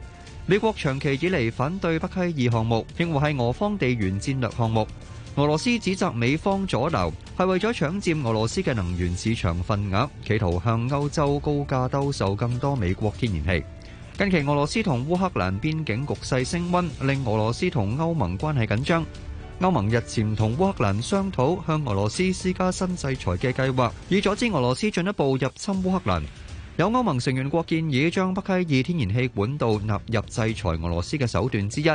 美國長期以嚟反對北溪二項目，認為係俄方地緣戰略項目。 俄羅斯指責美方阻撓，係為咗搶佔俄羅斯嘅能源市場份額，企圖向歐洲高價兜售更多美國天然氣。近期俄羅斯同烏克蘭邊境局勢升溫，令俄羅斯同歐盟關係緊張。歐盟日前同烏克蘭商討向俄羅斯施加新制裁嘅計劃，以阻止俄羅斯進一步入侵烏克蘭。有歐盟成員國建議將北溪二天然氣管道納入制裁俄羅斯嘅手段之一。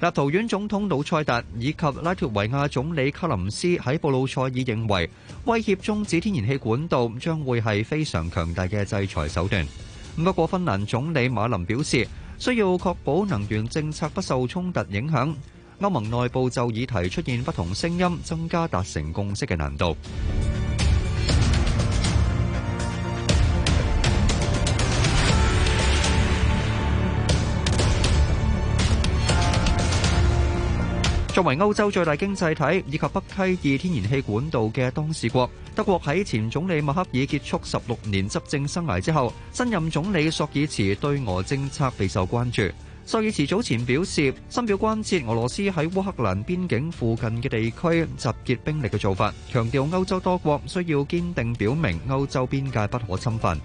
立陶宛總統魯塞達以及拉脱維亞總理卡林斯喺布魯塞爾認為，威脅中止天然氣管道將會係非常強大嘅制裁手段。不過芬蘭總理馬林表示，需要確保能源政策不受衝突影響。歐盟內部就議題出現不同聲音，增加達成共識嘅難度。作為歐洲最大經濟體以及北溪二天然氣管道嘅當事國，德國喺前總理默克爾結束十六年執政生涯之後，新任總理朔爾茨對俄政策備受關注。朔爾茨早前表示，深表關切俄羅斯喺烏克蘭邊境附近嘅地區集結兵力嘅做法，強調歐洲多國需要堅定表明歐洲邊界不可侵犯。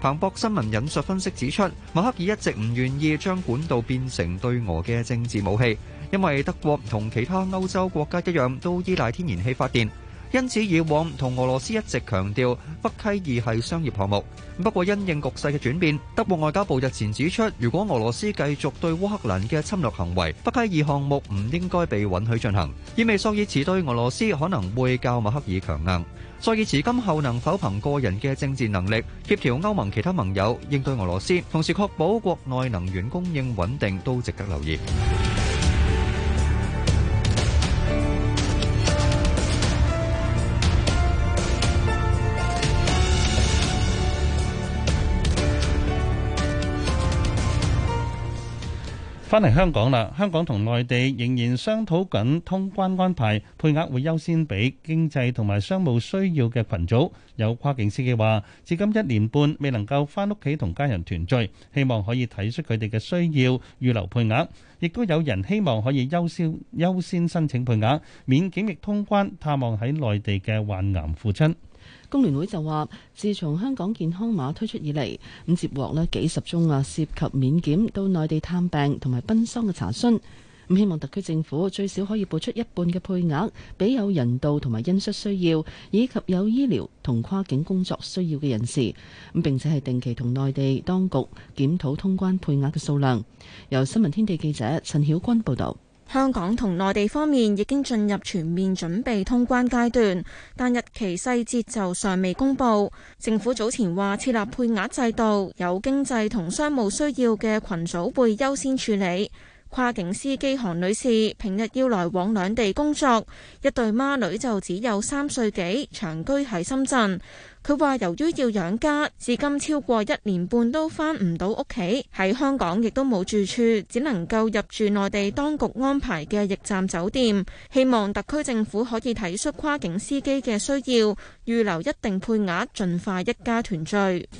彭博新聞引述分析指出，默克爾一直唔願意將管道變成對俄嘅政治武器。因為德國同其他歐洲國家一樣，都依賴天然氣發電，因此以往同俄羅斯一直強調北溪二係商業項目。不過，因應局勢嘅轉變，德國外交部日前指出，如果俄羅斯繼續對烏克蘭嘅侵略行為，北溪二項目唔應該被允許進行，意味索爾茨對俄羅斯可能會較默克爾強硬。索爾茨今後能否憑個人嘅政治能力協調歐盟其他盟友，應對俄羅斯，同時確保國內能源供應穩定，都值得留意。翻嚟香港啦，香港同內地仍然商討緊通關安排，配額會優先俾經濟同埋商務需要嘅羣組。有跨境司機話，至今一年半未能夠翻屋企同家人團聚，希望可以體恤佢哋嘅需要，預留配額。亦都有人希望可以優先優先申請配額，免檢疫通關探望喺內地嘅患癌父親。工聯會就話，自從香港健康碼推出以嚟，咁接獲咧幾十宗啊涉及免檢到內地探病同埋奔喪嘅查詢，咁希望特區政府最少可以撥出一半嘅配額，俾有人道同埋恩恤需要，以及有醫療同跨境工作需要嘅人士，咁並且係定期同內地當局檢討通關配額嘅數量。由新聞天地記者陳曉君報導。香港同內地方面已經進入全面準備通關階段，但日期細節就尚未公布。政府早前話設立配額制度，有經濟同商務需要嘅群組會優先處理。跨境司機韓女士平日要來往兩地工作，一對孖女就只有三歲幾，長居喺深圳。佢話：由於要養家，至今超過一年半都返唔到屋企，喺香港亦都冇住處，只能夠入住內地當局安排嘅驛站酒店。希望特區政府可以體恤跨境司機嘅需要，預留一定配額，盡快一家團聚。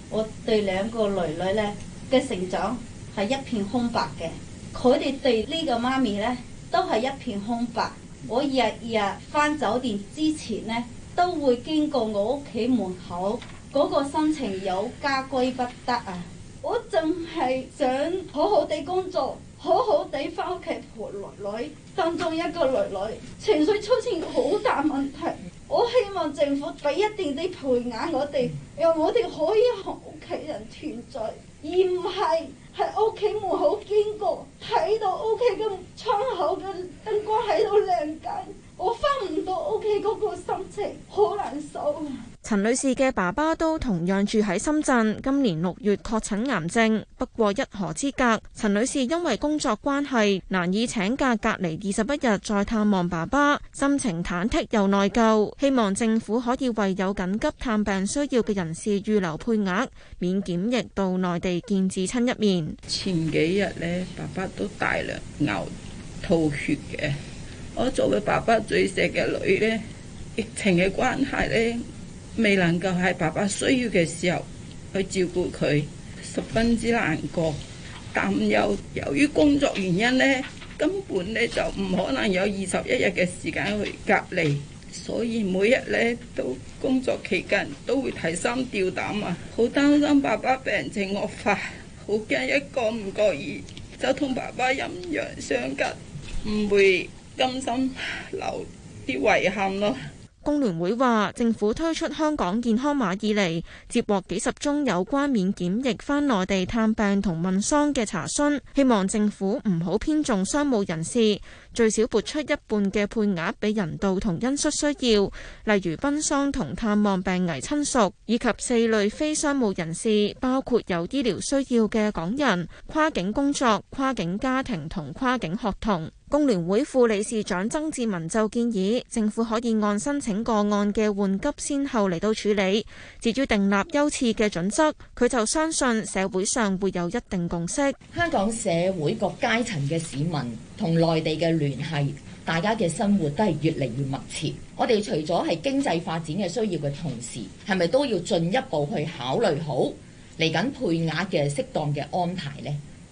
我對兩個女女呢嘅成長係一片空白嘅，佢哋對呢個媽咪呢都係一片空白。我日日返酒店之前呢，都會經過我屋企門口，嗰個心情有家歸不得啊！我淨係想好好地工作，好好地返屋企陪女女，當中一個女女情緒出現好大問題。我希望政府俾一定啲配額我哋，讓我哋可以同屋企人團聚，而唔係喺屋企門口經過，睇到屋企嘅窗口嘅燈光喺度亮緊。屋企嗰個心情好難受。陳女士嘅爸爸都同樣住喺深圳，今年六月確診癌症，不過一河之隔，陳女士因為工作關係難以請假隔離二十一日再探望爸爸，心情忐忑又內疚，希望政府可以為有緊急探病需要嘅人士預留配額，免檢疫到內地見至親一面。前幾日呢，爸爸都大量嘔吐血嘅。我作為爸爸最錫嘅女咧，疫情嘅關係咧，未能夠喺爸爸需要嘅時候去照顧佢，十分之難過。但又由於工作原因咧，根本咧就唔可能有二十一日嘅時間去隔離，所以每日咧都工作期間都會提心吊膽啊，好擔心爸爸病情惡化，好驚一個唔覺意就同爸爸陰陽相隔，唔會甘心留啲遺憾咯、啊。工聯會話：政府推出香港健康碼以嚟，接獲幾十宗有關免檢疫返內地探病同問喪嘅查詢，希望政府唔好偏重商務人士，最少撥出一半嘅配額俾人道同恩恤需要，例如奔喪同探望病危親屬，以及四類非商務人士，包括有醫療需要嘅港人、跨境工作、跨境家庭同跨境學童。工聯會副理事長曾志文就建議政府可以按申請個案嘅緩急先後嚟到處理，至於訂立優次嘅準則，佢就相信社會上會有一定共識。香港社會各階層嘅市民同內地嘅聯繫，大家嘅生活都係越嚟越密切。我哋除咗係經濟發展嘅需要嘅同時，係咪都要進一步去考慮好嚟緊配額嘅適當嘅安排呢？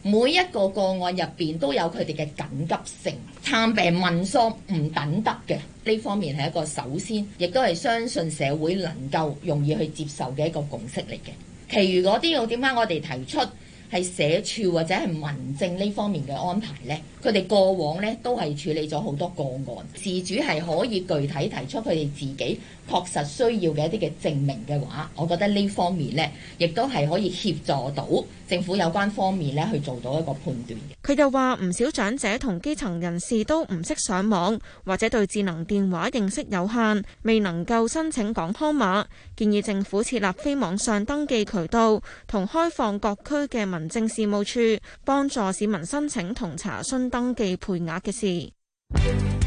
每一個個案入邊都有佢哋嘅緊急性，探病問喪唔等得嘅。呢方面係一個首先，亦都係相信社會能夠容易去接受嘅一個共識嚟嘅。其餘嗰啲又點解我哋提出係社署或者係民政呢方面嘅安排呢？佢哋過往呢都係處理咗好多個案，事主係可以具體提出佢哋自己確實需要嘅一啲嘅證明嘅話，我覺得呢方面呢，亦都係可以協助到政府有關方面呢去做到一個判斷嘅。佢又話唔少長者同基層人士都唔識上網，或者對智能電話認識有限，未能夠申請港康碼。建議政府設立非網上登記渠道，同開放各區嘅民政事務處，幫助市民申請同查詢登記配額嘅事。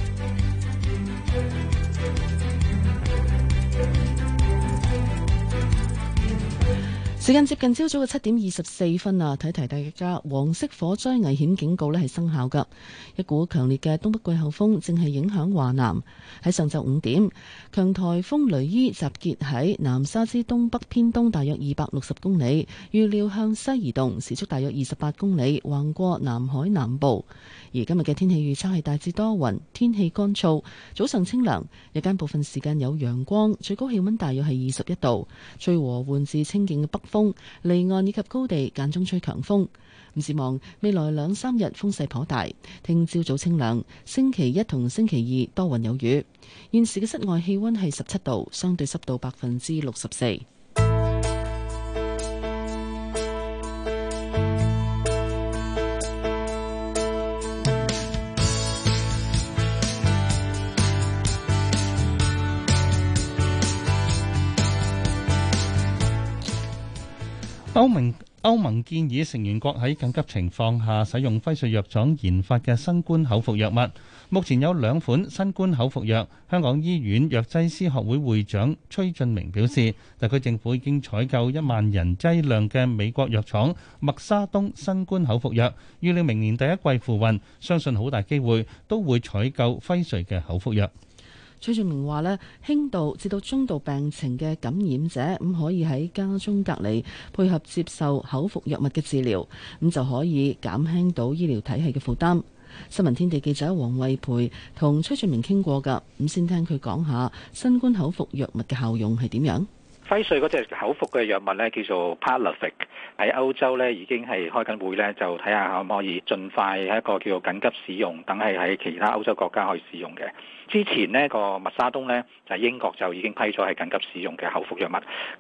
時間接近朝早嘅七點二十四分啊，提提大家，黃色火災危險警告咧係生效噶。一股強烈嘅東北季候風正係影響華南。喺上晝五點，強台風雷伊集結喺南沙之東北偏東大約二百六十公里，預料向西移動，時速大約二十八公里，橫過南海南部。而今日嘅天氣預測係大致多雲，天氣乾燥，早上清涼，日間部分時間有陽光，最高氣溫大約係二十一度，吹和緩至清勁嘅北風，離岸以及高地間中吹強風。唔指望未來兩三日風勢頗大，聽朝早清涼，星期一同星期二多雲有雨。現時嘅室外氣溫係十七度，相對濕度百分之六十四。歐盟歐盟建議成員國喺緊急情況下使用輝瑞藥廠研發嘅新冠口服藥物。目前有兩款新冠口服藥。香港醫院藥劑師學會會長崔俊明表示，特區政府已經採購一萬人劑量嘅美國藥廠默沙東新冠口服藥，預料明年第一季付運，相信好大機會都會採購輝瑞嘅口服藥。崔俊明話咧，輕度至到中度病情嘅感染者，咁可以喺家中隔離，配合接受口服藥物嘅治療，咁就可以減輕到醫療體系嘅負擔。新聞天地記者王慧培同崔俊明傾過噶，咁先聽佢講下新冠口服藥物嘅效用係點樣。輝瑞嗰隻口服嘅藥物咧，叫做 Paxlovid，喺歐洲咧已經係開緊會咧，就睇下可唔可以盡快喺一個叫做緊急使用，等係喺其他歐洲國家可以使用嘅。之前呢個默沙東呢，就英國就已經批咗係緊急使用嘅口服藥物，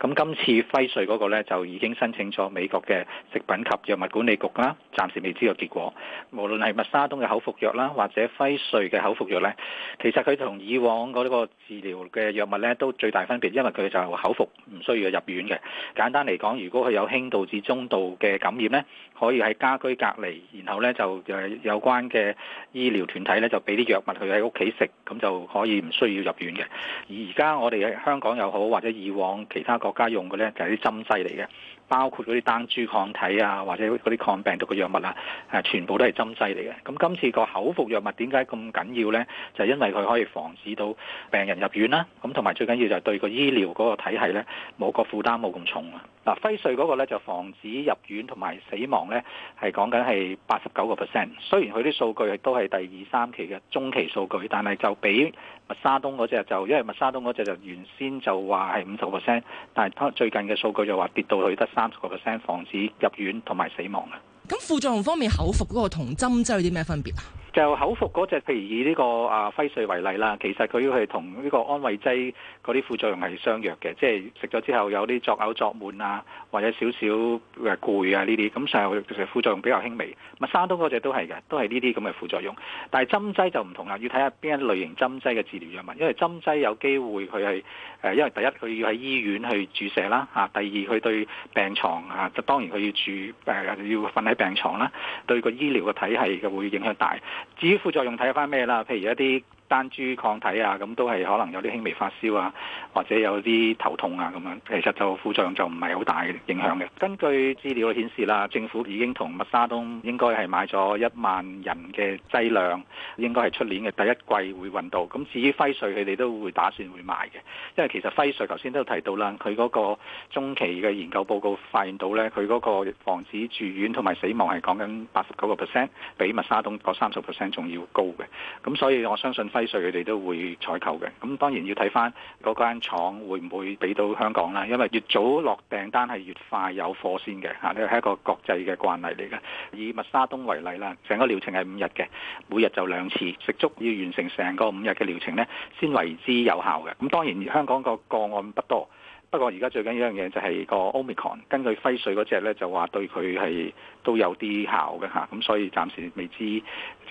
咁今次輝瑞嗰個咧就已經申請咗美國嘅食品及藥物管理局啦，暫時未知個結果。無論係默沙東嘅口服藥啦，或者輝瑞嘅口服藥呢，其實佢同以往嗰個治療嘅藥物呢都最大分別，因為佢就口服，唔需要入院嘅。簡單嚟講，如果佢有輕度至中度嘅感染呢，可以喺家居隔離，然後呢就有關嘅醫療團體呢，就俾啲藥物佢喺屋企食咁。就可以唔需要入院嘅。而家我哋喺香港又好，或者以往其他國家用嘅呢，就係啲針劑嚟嘅，包括嗰啲單株抗體啊，或者嗰啲抗病毒嘅藥物啊，係全部都係針劑嚟嘅。咁今次個口服藥物點解咁緊要呢？就係因為佢可以防止到病人入院啦、啊。咁同埋最緊要就係對個醫療嗰個體系呢，冇個負擔冇咁重啊。嗱，輝瑞嗰個咧就防止入院同埋死亡咧，係講緊係八十九個 percent。雖然佢啲數據亦都係第二三期嘅中期數據，但係就比默沙東嗰隻就，因為默沙東嗰隻就原先就話係五十個 percent，但係最近嘅數據就話跌到佢得三十個 percent，防止入院同埋死亡啊。咁副作用方面，口服嗰個同針劑有啲咩分別啊？就口服嗰隻，譬如以呢個啊輝瑞為例啦，其實佢要係同呢個安慰劑嗰啲副作用係相約嘅，即係食咗之後有啲作嘔、作悶啊，或者少少誒攰啊呢啲，咁上嚟副作用比較輕微。默沙東嗰隻都係嘅，都係呢啲咁嘅副作用。但係針劑就唔同啦，要睇下邊一類型針劑嘅治療藥物，因為針劑有機會佢係誒，因為第一佢要喺醫院去注射啦嚇，第二佢對病床，嚇，就當然佢要住誒、呃、要瞓喺病床啦，對個醫療嘅體系嘅會影響大。至於副作用睇翻咩啦，譬如一啲，單株抗體啊，咁都係可能有啲輕微發燒啊，或者有啲頭痛啊咁樣，其實就副作用就唔係好大嘅影響嘅。根據資料顯示啦，政府已經同默沙東應該係買咗一萬人嘅劑量，應該係出年嘅第一季會運到。咁至於輝瑞佢哋都會打算會買嘅，因為其實輝瑞頭先都提到啦，佢嗰個中期嘅研究報告發現到呢，佢嗰個防止住院同埋死亡係講緊八十九個 percent，比默沙東嗰三十 percent 仲要高嘅。咁所以我相信輝。輝瑞佢哋都會採購嘅，咁當然要睇翻嗰間廠會唔會俾到香港啦，因為越早落訂單係越快有貨先嘅，嚇呢係一個國際嘅慣例嚟嘅。以默沙東為例啦，成個療程係五日嘅，每日就兩次，食足要完成成個五日嘅療程呢，先為之有效嘅。咁當然香港個個案不多，不過而家最緊要一樣嘢就係個 Omicron 根據輝瑞嗰隻呢，就話對佢係都有啲效嘅嚇，咁所以暫時未知。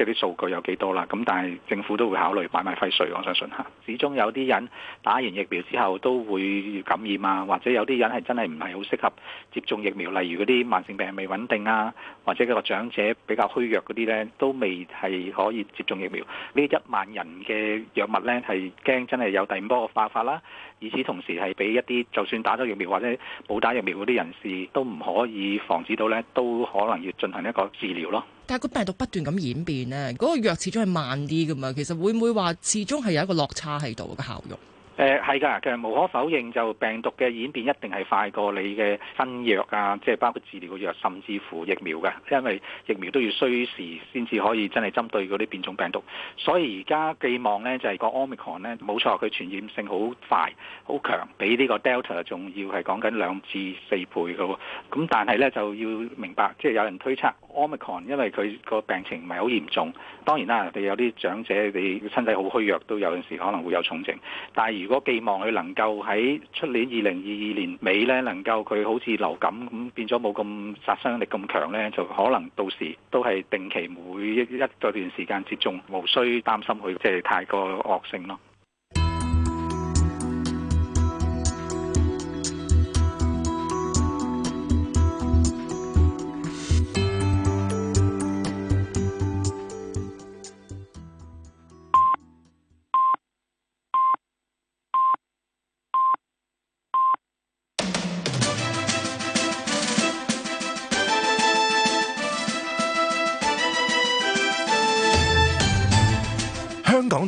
嘅啲數據有幾多啦？咁但係政府都會考慮買賣輝瑞，我相信嚇。始終有啲人打完疫苗之後都會感染啊，或者有啲人係真係唔係好適合接種疫苗，例如嗰啲慢性病未穩定啊，或者個長者比較虛弱嗰啲呢，都未係可以接種疫苗。呢一萬人嘅藥物呢，係驚真係有第五波嘅爆發啦。與此同時係俾一啲就算打咗疫苗或者冇打疫苗嗰啲人士都唔可以防止到呢，都可能要進行一個治療咯。但係個病毒不斷咁演變咧，嗰、那個藥始終係慢啲噶嘛，其實會唔會話始終係有一個落差喺度個效用？誒係㗎，其實無可否認，就病毒嘅演變一定係快過你嘅新藥啊，即係包括治療嘅藥，甚至乎疫苗嘅，因為疫苗都要需時先至可以真係針對嗰啲變種病毒。所以而家寄望呢就係個 Omicron 呢，冇錯，佢傳染性好快、好強，比呢個 Delta 仲要係講緊兩至四倍嘅喎。咁但係呢，就要明白，即係有人推測 Omicron 因為佢個病情唔係好嚴重，當然啦，人哋有啲長者你身體好虛弱，都有陣時可能會有重症。但係如如果寄望佢能夠喺出年二零二二年尾咧，能夠佢好似流感咁變咗冇咁殺傷力咁強咧，就可能到時都係定期每一一段時間接種，無需擔心佢即係太過惡性咯。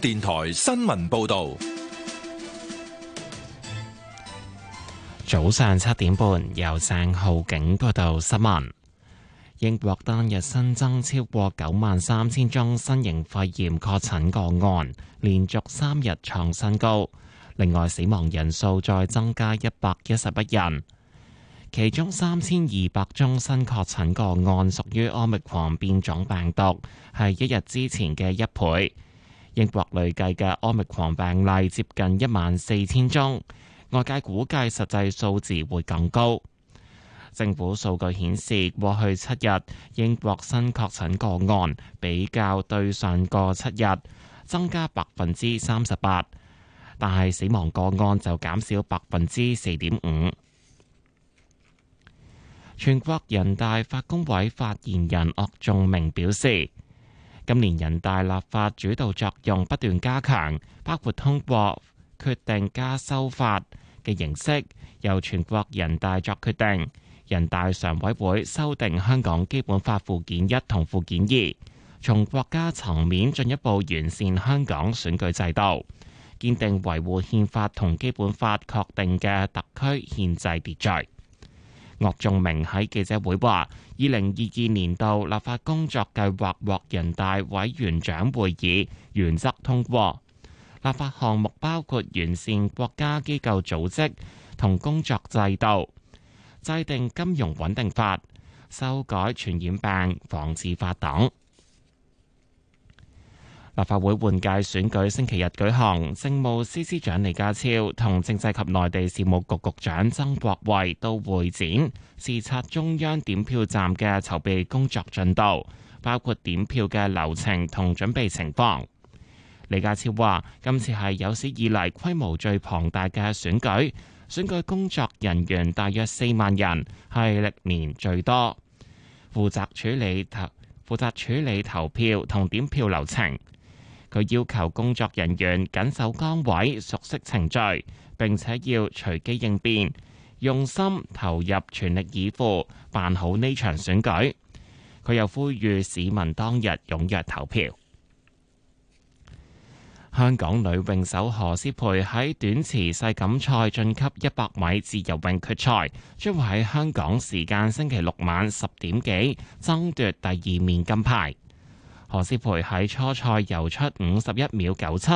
電台新聞報道，早上七點半由鄭浩景報道新聞。英國單日新增超過九萬三千宗新型肺炎確診個案，連續三日創新高。另外，死亡人數再增加一百一十一人，其中三千二百宗新確診個案屬於 Omicron 變種病毒，係一日之前嘅一倍。英國累計嘅 Omicron 病例接近一萬四千宗，外界估計實際數字會更高。政府數據顯示，過去七日英國新確診個案比較對上個七日增加百分之三十八，但係死亡個案就減少百分之四點五。全國人大法工委發言人岳仲明表示。今年人大立法主導作用不斷加強，包括通過決定加修法嘅形式，由全國人大作決定；人大常委會修訂香港基本法附件一同附件二，從國家層面進一步完善香港選舉制度，堅定維護憲法同基本法確定嘅特區憲制秩序。岳仲明喺記者會話：二零二二年度立法工作計劃獲人大委員長會議原則通過。立法項目包括完善國家機構組織同工作制度，制定金融穩定法、修改傳染病防治法等。立法會換屆選舉星期日舉行，政務司司長李家超同政制及內地事務局局長曾國衛到會展視察中央點票站嘅籌備工作進度，包括點票嘅流程同準備情況。李家超話：今次係有史以嚟規模最龐大嘅選舉，選舉工作人員大約四萬人，係歷年最多。負責處理投負責處理投票同點票流程。佢要求工作人員緊守崗位、熟悉程序，並且要隨機應變、用心投入、全力以赴辦好呢場選舉。佢又呼籲市民當日踴躍投票。香港女泳手何詩蓓喺短池世錦賽晉級一百米自由泳決賽，將會喺香港時間星期六晚十點幾爭奪第二面金牌。何詩蓓喺初賽游出五十一秒九七，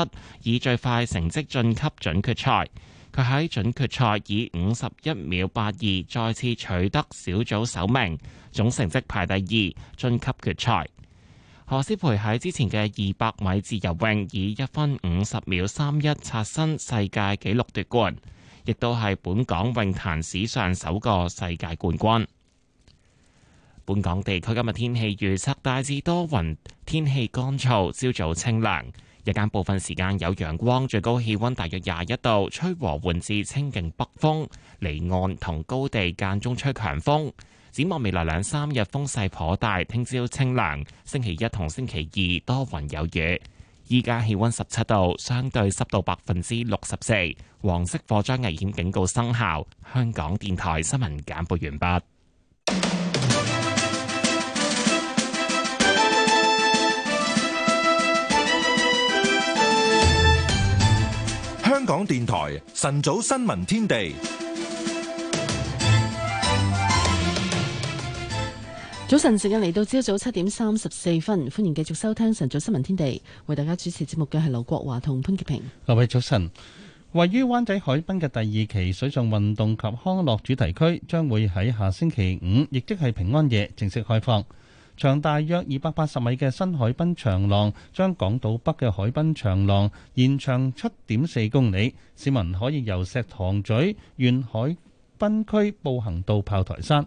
以最快成績晉級準決賽。佢喺準決賽以五十一秒八二再次取得小組首名，總成績排第二，晉級決賽。何詩蓓喺之前嘅二百米自由泳以一分五十秒三一刷新世界紀錄奪冠，亦都係本港泳壇史上首個世界冠軍。本港地區今日天氣預測，大致多雲，天氣乾燥，朝早清涼，日間部分時間有陽光，最高氣溫大約廿一度，吹和緩至清勁北風，離岸同高地間中吹強風。展望未來兩三日風勢頗大，聽朝清涼，星期一同星期二多雲有雨。依家氣溫十七度，相對濕度百分之六十四，黃色火災危險警告生效。香港電台新聞簡報完畢。香港電台晨早新聞天地，早晨，時間嚟到朝早七點三十四分，歡迎繼續收聽晨早新聞天地，為大家主持節目嘅係劉國華同潘潔平。各位早晨，位於灣仔海濱嘅第二期水上運動及康樂主題區，將會喺下星期五，亦即係平安夜，正式開放。長大約二百八十米嘅新海濱長廊，將港島北嘅海濱長廊延長七點四公里，市民可以由石塘咀沿海濱區步行到炮台山。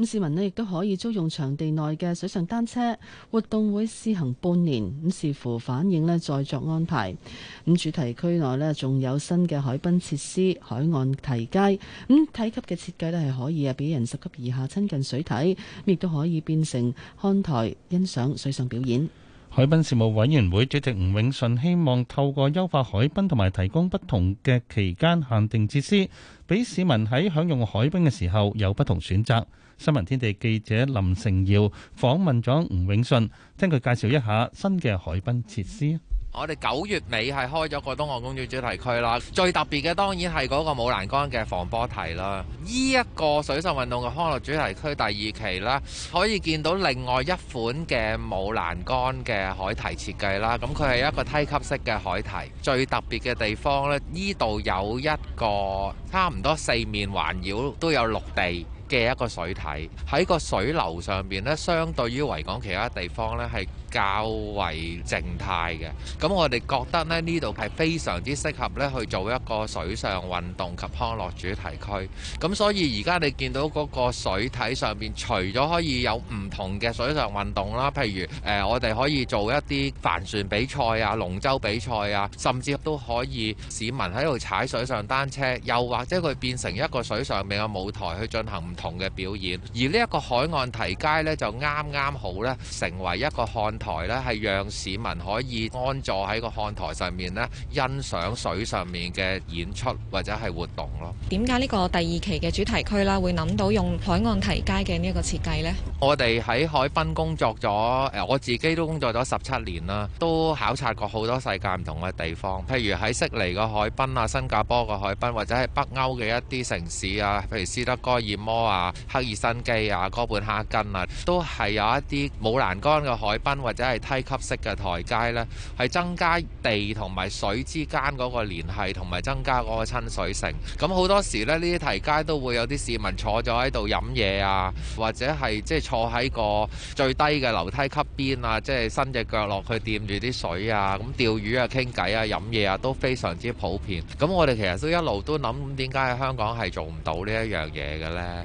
咁市民咧亦都可以租用場地內嘅水上單車活動，會試行半年，咁視乎反應咧再作安排。咁主題區內咧仲有新嘅海濱設施、海岸堤階，咁梯級嘅設計咧係可以啊，俾人十級以下親近水體，亦都可以變成看台欣賞水上表演。海濱事務委員會主席吳永順希望透過優化海濱同埋提供不同嘅期間限定設施，俾市民喺享用海濱嘅時候有不同選擇。新聞天地記者林成耀訪問咗吳永信，聽佢介紹一下新嘅海濱設施。我哋九月尾係開咗個東岸公主主題區啦，最特別嘅當然係嗰個冇欄杆嘅防波堤啦。呢一個水上運動嘅康樂主題區第二期啦，可以見到另外一款嘅冇欄杆嘅海堤設計啦。咁佢係一個梯級式嘅海堤，最特別嘅地方呢，呢度有一個差唔多四面環繞都有陸地，嘅一個水體，喺個水流上面咧，相對於維港其他地方咧，係較為靜態嘅。咁我哋覺得咧，呢度係非常之適合咧去做一個水上運動及康樂主題區，咁所以而家你見到嗰個水體上面除咗可以有唔同嘅水上運動啦，譬如誒、呃、我哋可以做一啲帆船比賽啊、龍舟比賽啊，甚至都可以市民喺度踩水上單車，又或者佢變成一個水上面嘅舞台去進行同嘅表演，而呢一個海岸堤街咧就啱啱好咧，成為一個看台咧，係讓市民可以安坐喺個看台上面咧，欣賞水上面嘅演出或者係活動咯。點解呢個第二期嘅主題區啦，會諗到用海岸堤街嘅呢一個設計咧？我哋喺海濱工作咗誒，我自己都工作咗十七年啦，都考察過好多世界唔同嘅地方，譬如喺悉尼嘅海濱啊、新加坡嘅海濱或者係北歐嘅一啲城市啊，譬如斯德哥爾摩。赫爾辛基啊，哥本哈根啊，都係有一啲冇欄杆嘅海濱或者係梯級式嘅台階。呢係增加地同埋水之間嗰個聯繫，同埋增加嗰個親水性。咁好多時咧，呢啲台階都會有啲市民坐咗喺度飲嘢啊，或者係即係坐喺個最低嘅樓梯級邊啊，即係伸隻腳落去掂住啲水啊，咁釣魚啊、傾偈啊、飲嘢啊，都非常之普遍。咁我哋其實都一路都諗點解喺香港係做唔到呢一樣嘢嘅呢？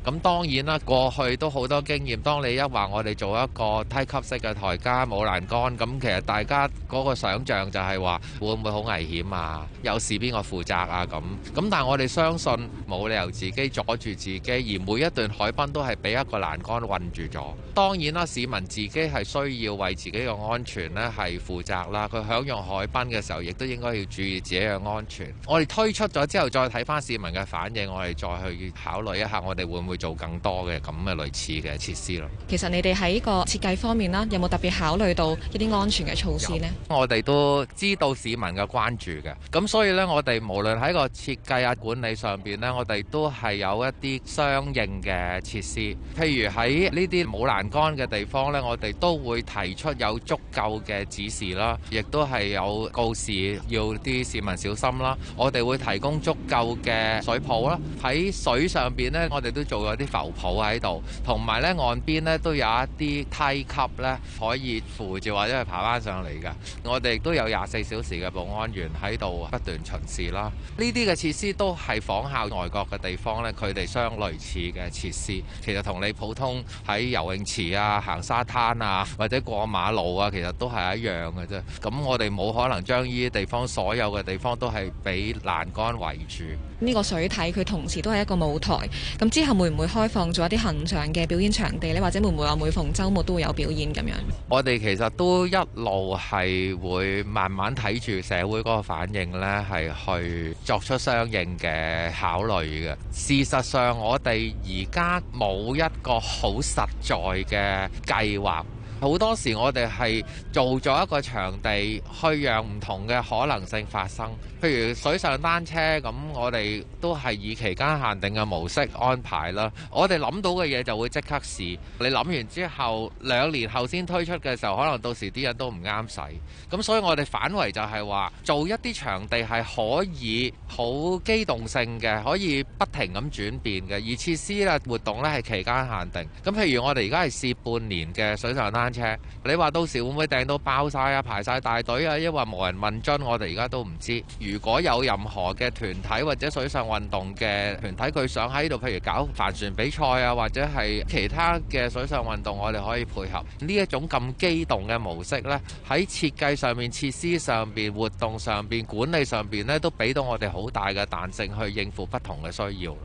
咁當然啦，過去都好多經驗。當你一話我哋做一個梯級式嘅台階冇欄杆，咁其實大家嗰個想象就係話會唔會好危險啊？有事邊個負責啊？咁咁，但係我哋相信冇理由自己阻住自己，而每一段海濱都係俾一個欄杆韫住咗。當然啦，市民自己係需要為自己嘅安全咧係負責啦。佢享用海濱嘅時候，亦都應該要注意自己嘅安全。我哋推出咗之後再睇翻市民嘅反應，我哋再去考慮一下，我哋會唔會？會做更多嘅咁嘅類似嘅設施咯。其實你哋喺個設計方面啦，有冇特別考慮到一啲安全嘅措施咧？我哋都知道市民嘅關注嘅，咁所以咧，我哋無論喺個設計啊、管理上邊咧，我哋都係有一啲相應嘅設施。譬如喺呢啲冇欄杆嘅地方咧，我哋都會提出有足夠嘅指示啦，亦都係有告示要啲市民小心啦。我哋會提供足夠嘅水泡啦，喺水上邊咧，我哋都做。有啲浮泡喺度，同埋呢岸邊呢，都有一啲梯級呢，可以扶住或者係爬翻上嚟㗎。我哋都有廿四小時嘅保安員喺度不斷巡視啦。呢啲嘅設施都係仿效外國嘅地方呢，佢哋相類似嘅設施，其實同你普通喺游泳池啊、行沙灘啊或者過馬路啊，其實都係一樣嘅啫。咁我哋冇可能將呢啲地方所有嘅地方都係俾欄杆圍住。呢個水體佢同時都係一個舞台，咁之後會唔會開放咗一啲恒常嘅表演場地咧？或者會唔會話每逢周末都會有表演咁樣？我哋其實都一路係會慢慢睇住社會嗰個反應咧，係去作出相應嘅考慮嘅。事實上，我哋而家冇一個好實在嘅計劃。好多時我哋係做咗一個場地去讓唔同嘅可能性發生，譬如水上單車，咁，我哋都係以期間限定嘅模式安排啦。我哋諗到嘅嘢就會即刻試，你諗完之後兩年後先推出嘅時候，可能到時啲人都唔啱使。咁所以我哋反為就係話做一啲場地係可以好機動性嘅，可以不停咁轉變嘅，而設施啦，活動咧係期間限定。咁譬如我哋而家係試半年嘅水上單車。車，你話到時會唔會訂到爆晒啊，排晒大隊啊？抑或無人問津，我哋而家都唔知。如果有任何嘅團體或者水上運動嘅團體，佢想喺度，譬如搞帆船比賽啊，或者係其他嘅水上運動，我哋可以配合呢一種咁機動嘅模式咧。喺設計上面，設施上面，活動上面，管理上面咧，都俾到我哋好大嘅彈性去應付不同嘅需要。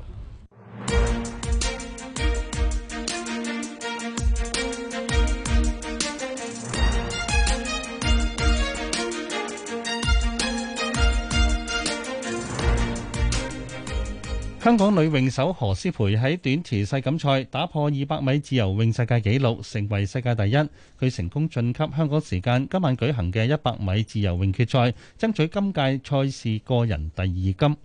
香港女泳手何詩蓓喺短池世錦賽打破二百米自由泳世界紀錄，成為世界第一。佢成功晉級，香港時間今晚舉行嘅一百米自由泳決賽，爭取今屆賽事個人第二金。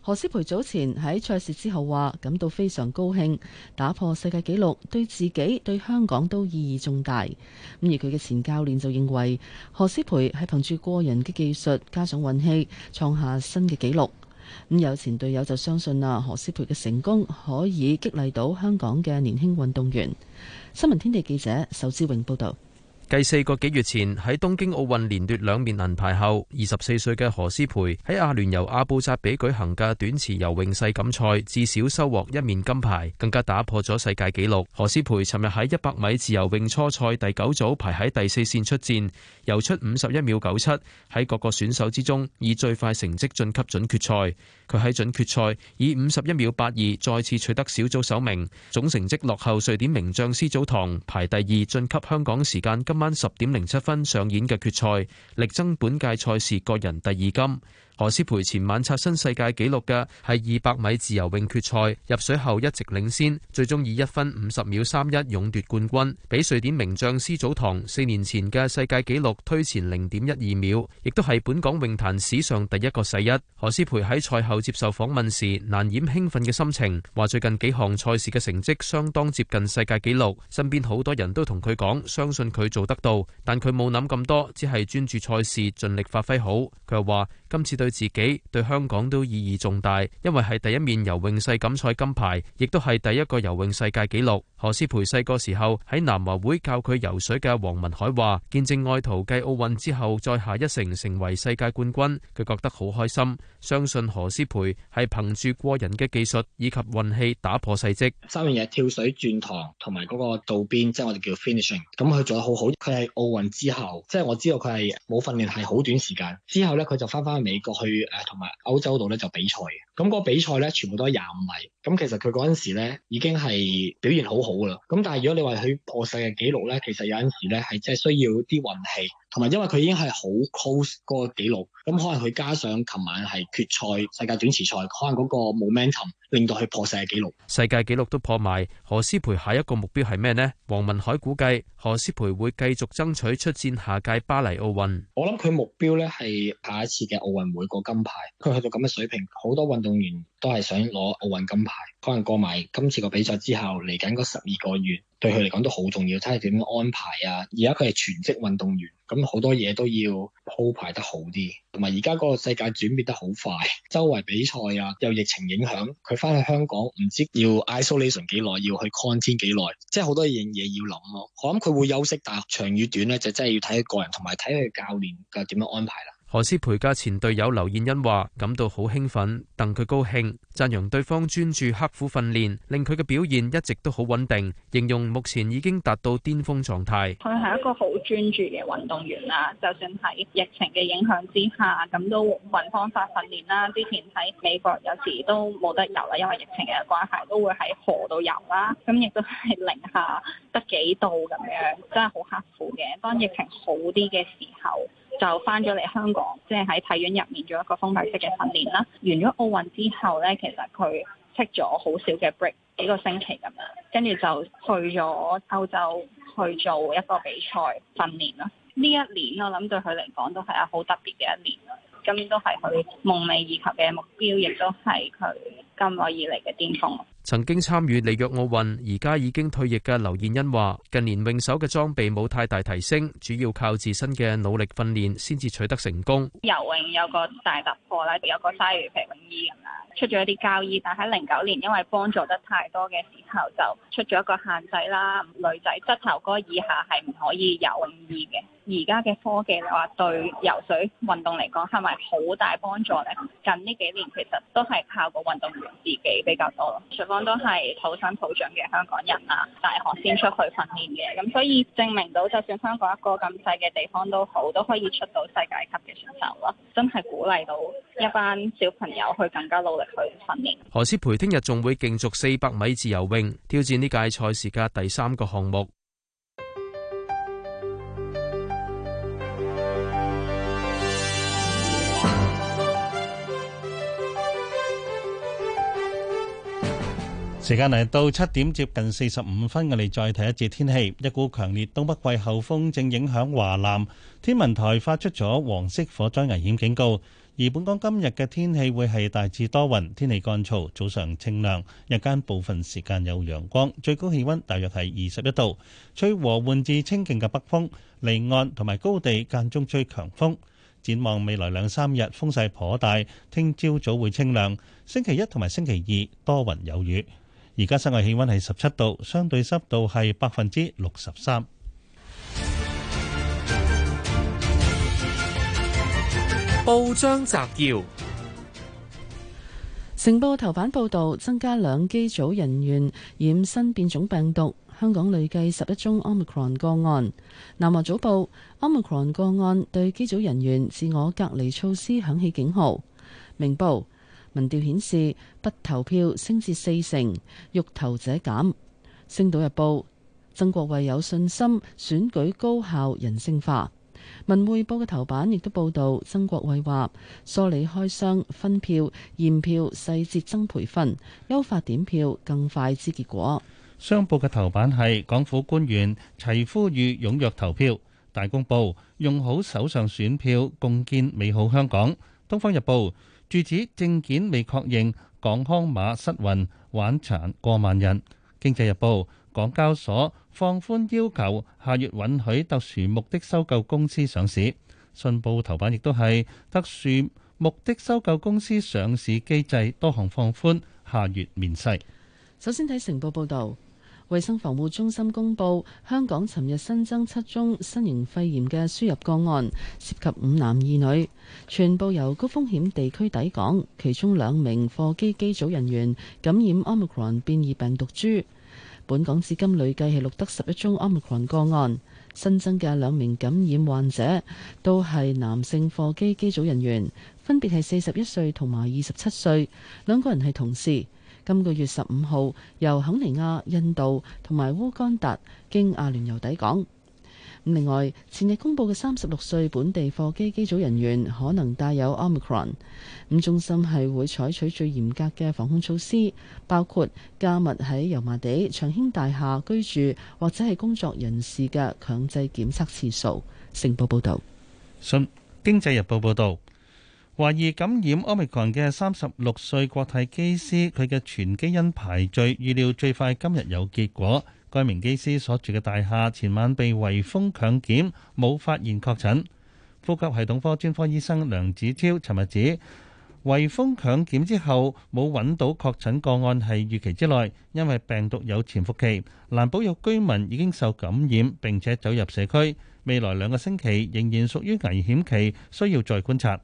何詩蓓早前喺賽事之後話，感到非常高興，打破世界紀錄對自己對香港都意義重大。咁而佢嘅前教練就認為，何詩蓓係憑住個人嘅技術加上運氣創下新嘅紀錄。咁有前隊友就相信啦，何詩蓓嘅成功可以激勵到香港嘅年輕運動員。新聞天地記者仇志榮報道。繼四個幾月前喺東京奧運連奪兩面銀牌後，二十四歲嘅何詩蓓喺阿聯酋阿布扎比舉，舉，舉行嘅短池游泳世錦賽，賽至少收穫一面金牌，更加打破咗世界紀錄。何詩蓓尋日喺一百米自由泳初賽第九組排喺第四線出戰，游出五十一秒九七，喺各個選手之中以最快成績晉級準，準決賽。佢喺準決賽以五十一秒八二再次取得小組首名，總成績落後瑞典名將斯祖唐排第二，晉級香港時間今。今晚十點零七分上演嘅決賽，力爭本屆賽事個人第二金。何詩蓓前晚刷新世界紀錄嘅係二百米自由泳決賽，入水後一直領先，最終以一分五十秒三一勇奪冠軍，比瑞典名將斯祖堂四年前嘅世界紀錄推前零點一二秒，亦都係本港泳壇史上第一個世一。何詩蓓喺賽後接受訪問時，難掩興奮嘅心情，話最近幾項賽事嘅成績相當接近世界紀錄，身邊好多人都同佢講，相信佢做得到，但佢冇諗咁多，只係專注賽事，盡力發揮好。佢又話今次對。自己對香港都意義重大，因為係第一面游泳世錦賽金牌，亦都係第一個游泳世界紀錄。何思培細個時候喺南華會教佢游水嘅黃文海話：見證愛徒繼奧運之後再下一城，成為世界冠軍，佢覺得好開心。相信何思培係憑住過人嘅技術以及運氣打破世績。三樣嘢：跳水、轉堂同埋嗰個道邊，即係我哋叫 finishing。咁佢做得好好。佢係奧運之後，即係我知道佢係冇訓練，係好短時間之後呢佢就翻翻美國去誒，同埋歐洲度呢就比賽。咁個比賽咧，全部都係廿五米。咁其實佢嗰陣時咧，已經係表現好好㗎啦。咁但係如果你話佢破世界紀錄咧，其實有陣時咧，係真係需要啲運氣。同埋，因為佢已經係好 close 嗰個紀錄，咁可能佢加上琴晚係決賽世界短池賽，可能嗰個 momentum，令到佢破世界紀錄。世界紀錄都破埋，何詩蓓下一個目標係咩呢？黃文海估計何詩蓓會繼續爭取出戰下屆巴黎奧運。我諗佢目標咧係下一次嘅奧運會個金牌。佢去到咁嘅水平，好多運動員。都係想攞奧運金牌，可能過埋今次個比賽之後，嚟緊嗰十二個月對佢嚟講都好重要，睇下點樣安排啊！而家佢係全職運動員，咁好多嘢都要鋪排得好啲，同埋而家嗰個世界轉變得好快，周圍比賽啊，有疫情影響，佢翻去香港唔知要 isolation 幾耐，要去 confin 幾耐，即係好多樣嘢要諗咯、啊。我諗佢會休息，但係長與短咧就真、是、係要睇個人同埋睇佢教練嘅點樣安排啦、啊。何詩蓓家前隊友劉燕欣話：感到好興奮，戥佢高興，讚揚對方專注、刻苦訓練，令佢嘅表現一直都好穩定。形容目前已經達到巔峰狀態。佢係一個好專注嘅運動員啦，就算喺疫情嘅影響之下，咁都揾方法訓練啦。之前喺美國有時都冇得游啦，因為疫情嘅關係，都會喺河度游啦。咁亦都係零下得幾度咁樣，真係好刻苦嘅。當疫情好啲嘅時候。就翻咗嚟香港，即係喺體院入面做一個封閉式嘅訓練啦。完咗奧運之後呢，其實佢息咗好少嘅 break 幾個星期咁樣，跟住就去咗歐洲去做一個比賽訓練啦。呢一年我諗對佢嚟講都係啊好特別嘅一年，今年都係佢夢寐以求嘅目標，亦都係佢近年以嚟嘅巔峰。曾經參與里約奧運，而家已經退役嘅劉燕欣話，近年泳手嘅裝備冇太大提升，主要靠自身嘅努力訓練先至取得成功。游泳有個大突破啦，有個鯊魚皮泳衣咁啦，出咗一啲膠衣，但喺零九年因為幫助得太多嘅時候就出咗一個限制啦，女仔膝頭哥以下係唔可以游泳衣嘅。而家嘅科技你話對游水運動嚟講係咪好大幫助咧？近呢幾年其實都係靠個運動員自己比較多咯。徐方都係土生土長嘅香港人啊，大學先出去訓練嘅，咁所以證明到就算香港一個咁細嘅地方都好，都可以出到世界級嘅選手咯。真係鼓勵到一班小朋友去更加努力去訓練。何詩蓓聽日仲會競逐四百米自由泳，挑戰呢屆賽事嘅第三個項目。時間嚟到七點接近四十五分，我哋再睇一節天氣。一股強烈東北季候風正影響華南，天文台發出咗黃色火災危險警告。而本港今日嘅天氣會係大致多雲，天氣乾燥，早上清涼，日間部分時間有陽光，最高氣温大約係二十一度，吹和緩至清勁嘅北風，離岸同埋高地間中吹強風。展望未來兩三日風勢頗大，聽朝早會清涼，星期一同埋星期二多雲有雨。而家室外氣溫係十七度，相對濕度係百分之六十三。報章摘要，成報頭版報導增加兩機組人員染新變種病毒，香港累計十一宗 Omicron 個案。南華早報：Omicron 個案對機組人員自我隔離措施響起警號。明報民調顯示不投票升至四成，欲投者減。星島日報，曾國衛有信心選舉高效人性化。文匯報嘅頭版亦都報導曾國衛話：梳理開箱分票驗票細節增培訓，優化點票更快之結果。商報嘅頭版係港府官員齊呼籲踴躍投票，大公報用好手上選票共建美好香港。東方日報。住址證件未確認，港康碼失運玩殘過萬人。經濟日報，港交所放寬要求，下月允許特殊目的收購公司上市。信報頭版亦都係特殊目的收購公司上市機制多項放寬，下月面世。首先睇成報報道。衛生防護中心公布，香港尋日新增七宗新型肺炎嘅輸入個案，涉及五男二女，全部由高風險地區抵港，其中兩名貨機機組人員感染 Omicron 變異病毒株。本港至今累計係錄得十一宗 Omicron 個案，新增嘅兩名感染患者都係男性貨機機組人員，分別係四十一歲同埋二十七歲，兩個人係同事。今個月十五號由肯尼亞、印度同埋烏干達經阿聯酋抵港。另外，前日公布嘅三十六歲本地貨機機組人員可能帶有 Omicron。咁中心係會採取最嚴格嘅防控措施，包括加密喺油麻地長興大廈居住或者係工作人士嘅強制檢測次數。成報報導，新經濟日報報道。懷疑感染 omicron 嘅三十六歲國泰機師，佢嘅全基因排序預料最快今日有結果。該名機師所住嘅大廈前晚被圍封強檢，冇發現確診。呼吸系統科專科醫生梁子超尋日指，圍封強檢之後冇揾到確診個案係預期之內，因為病毒有潛伏期，難保有居民已經受感染並且走入社區。未來兩個星期仍然屬於危險期，需要再觀察。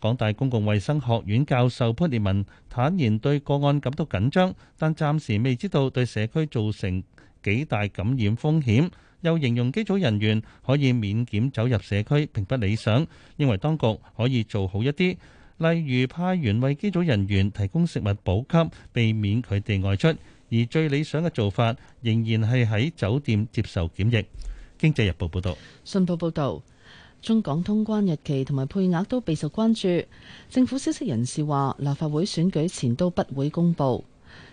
港大公共衛生學院教授潘烈文坦言對個案感到緊張，但暫時未知道對社區造成幾大感染風險。又形容機組人員可以免檢走入社區並不理想，認為當局可以做好一啲，例如派員為機組人員提供食物補給，避免佢哋外出。而最理想嘅做法仍然係喺酒店接受檢疫。經濟日報報導，信報報導。中港通關日期同埋配額都備受關注。政府消息人士話，立法會選舉前都不會公布。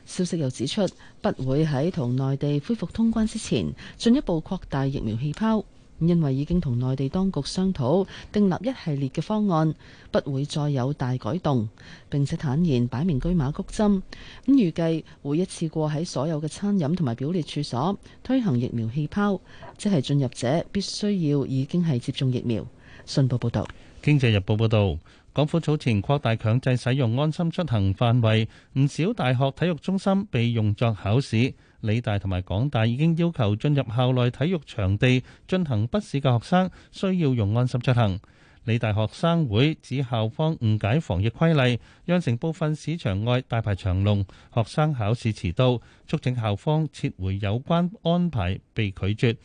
消息又指出，不會喺同內地恢復通關之前，進一步擴大疫苗氣泡。因為已經同內地當局商討，訂立一系列嘅方案，不會再有大改動。並且坦言擺明車馬谷針，咁預計會一次過喺所有嘅餐飲同埋表列處所推行疫苗氣泡，即係進入者必須要已經係接種疫苗。《信報》報導，《經濟日報》報導，港府早前擴大強制使用安心出行範圍，唔少大學體育中心被用作考試。理大同埋港大已經要求進入校內體育場地進行筆試嘅學生，需要用安心出行。理大學生會指校方誤解防疫規例，釀成部分市場外大排長龍，學生考試遲到，促請校方撤回有關安排，被拒絕。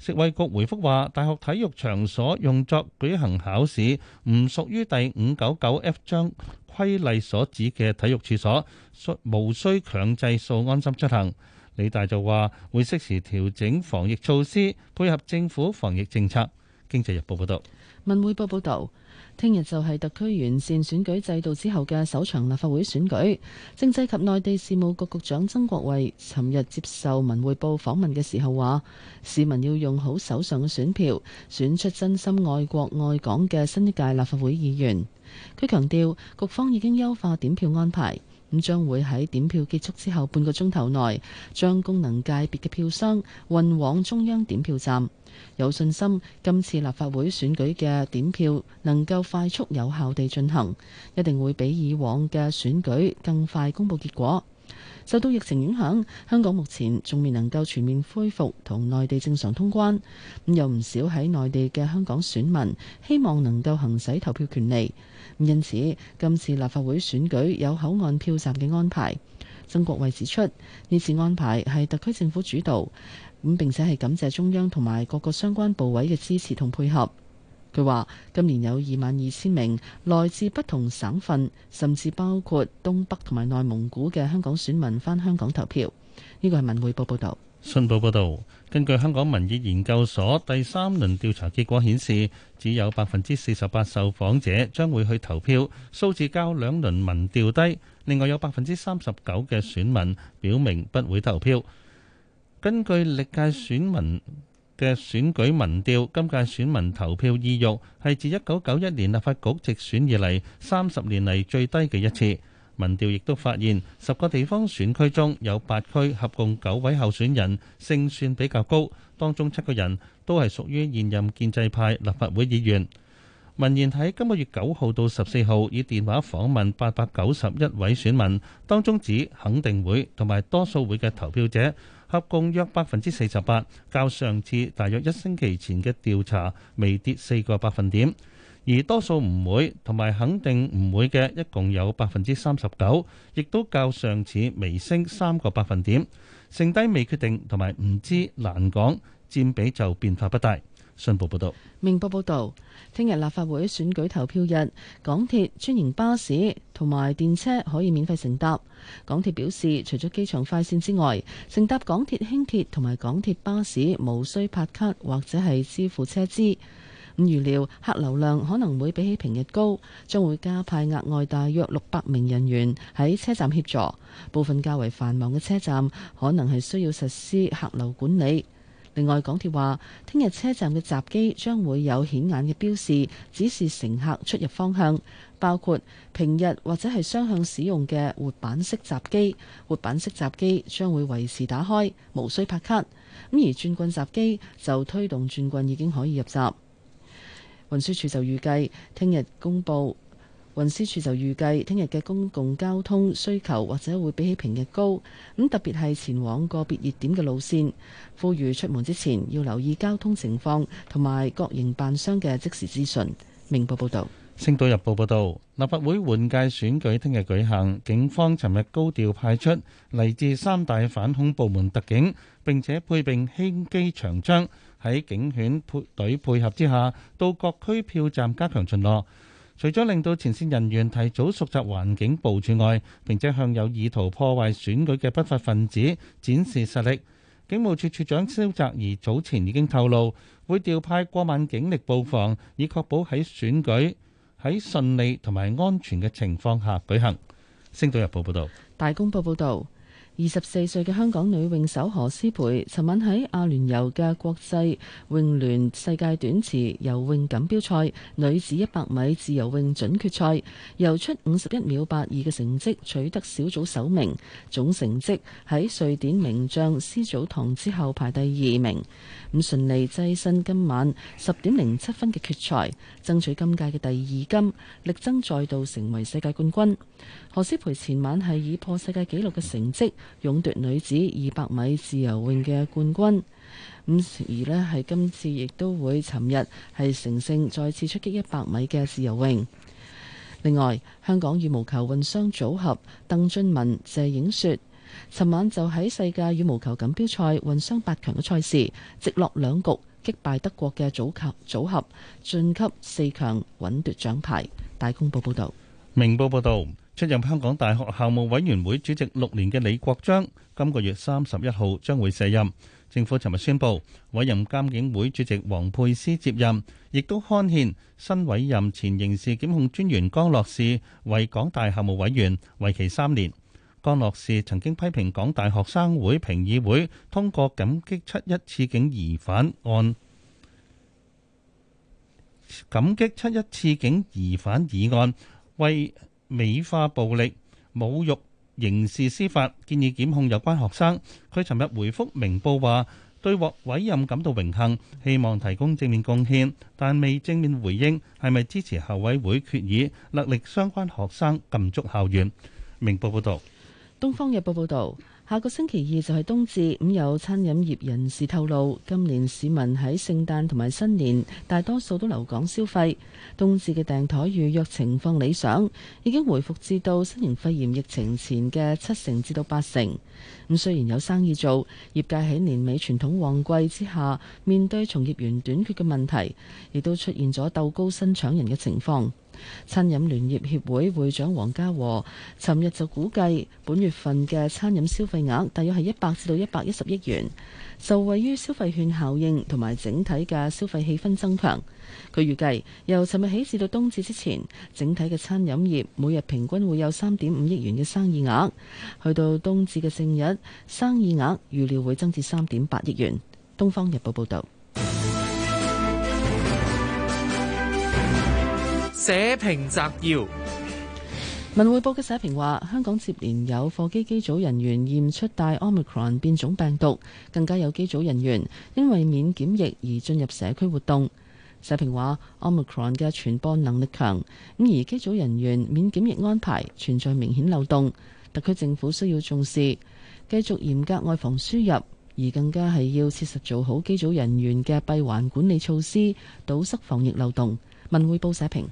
食衛局回覆話，大學體育場所用作舉行考試，唔屬於第五九九 F 章規例所指嘅體育處所，無需強制掃安心出行。李大就話：會適時調整防疫措施，配合政府防疫政策。經濟日報報道：「文匯報報道，聽日就係特區完善選舉制度之後嘅首場立法會選舉。」政制及內地事務局局局長曾國衛尋日接受文匯報訪問嘅時候話：市民要用好手上嘅選票，選出真心愛國愛港嘅新一屆立法會議員。佢強調，局方已經優化點票安排。咁將會喺點票結束之後半個鐘頭內，將功能界別嘅票箱運往中央點票站。有信心今次立法會選舉嘅點票能夠快速有效地進行，一定會比以往嘅選舉更快公佈結果。受到疫情影響，香港目前仲未能夠全面恢復同內地正常通關，咁有唔少喺內地嘅香港選民希望能夠行使投票權利，因此今次立法會選舉有口岸票站嘅安排。曾國衛指出，呢次安排係特區政府主導，咁並且係感謝中央同埋各個相關部委嘅支持同配合。佢話：今年有二萬二千名來自不同省份，甚至包括東北同埋內蒙古嘅香港選民返香港投票。呢個係文匯報報導，信報報導。根據香港民意研究所第三輪調查結果顯示，只有百分之四十八受訪者將會去投票，數字較兩輪民調低。另外有百分之三十九嘅選民表明不會投票。根據歷屆選民嘅選舉民調，今屆選民投票意欲係自1991年立法局直選以嚟三十年嚟最低嘅一次。民調亦都發現，十個地方選區中有八區合共九位候選人勝算比較高，當中七個人都係屬於現任建制派立法會議員。民研喺今個月九號到十四號以電話訪問八百九十一位選民，當中指肯定會同埋多數會嘅投票者。合共約百分之四十八，較上次大約一星期前嘅調查微跌四個百分點，而多數唔會同埋肯定唔會嘅一共有百分之三十九，亦都較上次微升三個百分點，剩低未決定同埋唔知難講佔比就變化不大。信報報導，明報報道：聽日立法會選舉投票日，港鐵專營巴士同埋電車可以免費乘搭。港鐵表示，除咗機場快線之外，乘搭港鐵輕鐵同埋港鐵巴士無需拍卡或者係支付車資。咁、嗯、預料客流量可能會比起平日高，將會加派額外大約六百名人員喺車站協助。部分較為繁忙嘅車站可能係需要實施客流管理。另外，港鐵話聽日車站嘅閘機將會有顯眼嘅標示指示乘客出入方向，包括平日或者係雙向使用嘅活板式閘機活板式閘機將會維持打開，無需拍卡。咁而轉棍閘機就推動轉棍已經可以入閘運輸署就預計聽日公布。運輸署就預計聽日嘅公共交通需求或者會比起平日高，咁特別係前往個別熱點嘅路線。呼籲出門之前要留意交通情況同埋各營辦商嘅即時資訊。明報報導，《星島日報》報道，立法會換屆選舉聽日舉行，警方尋日高調派出嚟自三大反恐部門特警，並且配備輕機長槍，喺警犬配隊配合之下，到各區票站加強巡邏。除咗令到前線人員提早熟習環境部署外，並且向有意圖破壞選舉嘅不法分子展示實力，警務處處長蕭澤頤早前已經透露，會調派過萬警力佈防，以確保喺選舉喺順利同埋安全嘅情況下舉行。星島日報報道。大公報報導。二十四歲嘅香港女泳手何詩蓓尋晚喺阿聯酋嘅國際泳聯世界短池游泳錦標賽女子一百米自由泳準決賽，游出五十一秒八二嘅成績，取得小組首名，總成績喺瑞典名將施祖唐之後排第二名。咁順利躋身今晚十點零七分嘅決賽，爭取今屆嘅第二金，力爭再度成為世界冠軍。何詩蓓前晚係以破世界紀錄嘅成績，勇奪女子二百米自由泳嘅冠軍。咁而呢，係今次亦都會尋日係乘勝再次出擊一百米嘅自由泳。另外，香港羽毛球混雙組合鄧俊文、謝影雪。尋晚就喺世界羽毛球錦標賽混雙八強嘅賽事，直落兩局擊敗德國嘅組合組合晉級四強，穩奪獎牌。大公報報道，明報報道，出任香港大學校務委員會主席六年嘅李國章，今個月三十一號將會卸任。政府尋日宣布委任監警會主席王沛詩接任，亦都刊憲新委任前刑事檢控專員江樂士為港大校務委員，為期三年。江樂士曾經批評港大學生會評議會通過感激七一刺警疑犯案、感激七一刺警疑犯議案，為美化暴力、侮辱刑事司法，建議檢控有關學生。佢尋日回覆明報話，對獲委任感到榮幸，希望提供正面貢獻，但未正面回應係咪支持校委會決議勒令相關學生禁足校園。明報報導。《東方日報》報道，下個星期二就係冬至，咁有餐飲業人士透露，今年市民喺聖誕同埋新年，大多數都留港消費，冬至嘅訂台預約情況理想，已經回復至到新型肺炎疫情前嘅七成至到八成。咁雖然有生意做，業界喺年尾傳統旺季之下，面對從業員短缺嘅問題，亦都出現咗鬥高薪搶人嘅情況。餐飲聯業協會會長黃家和，尋日就估計本月份嘅餐飲消費額大約係一百至到一百一十億元，受惠於消費券效應同埋整體嘅消費氣氛增強。佢預計由尋日起至到冬至之前，整體嘅餐飲業每日平均會有三點五億元嘅生意額，去到冬至嘅正日，生意額預料會增至三點八億元。東方日報報道。社評摘要：文匯報嘅社評話，香港接連有貨機機組人員驗出帶 omicron 變種病毒，更加有機組人員因為免檢疫而進入社區活動。社評話 omicron 嘅傳播能力強，咁而機組人員免檢疫安排存在明顯漏洞，特區政府需要重視，繼續嚴格外防輸入，而更加係要切實做好機組人員嘅閉環管理措施，堵塞防疫漏洞。文匯報社評。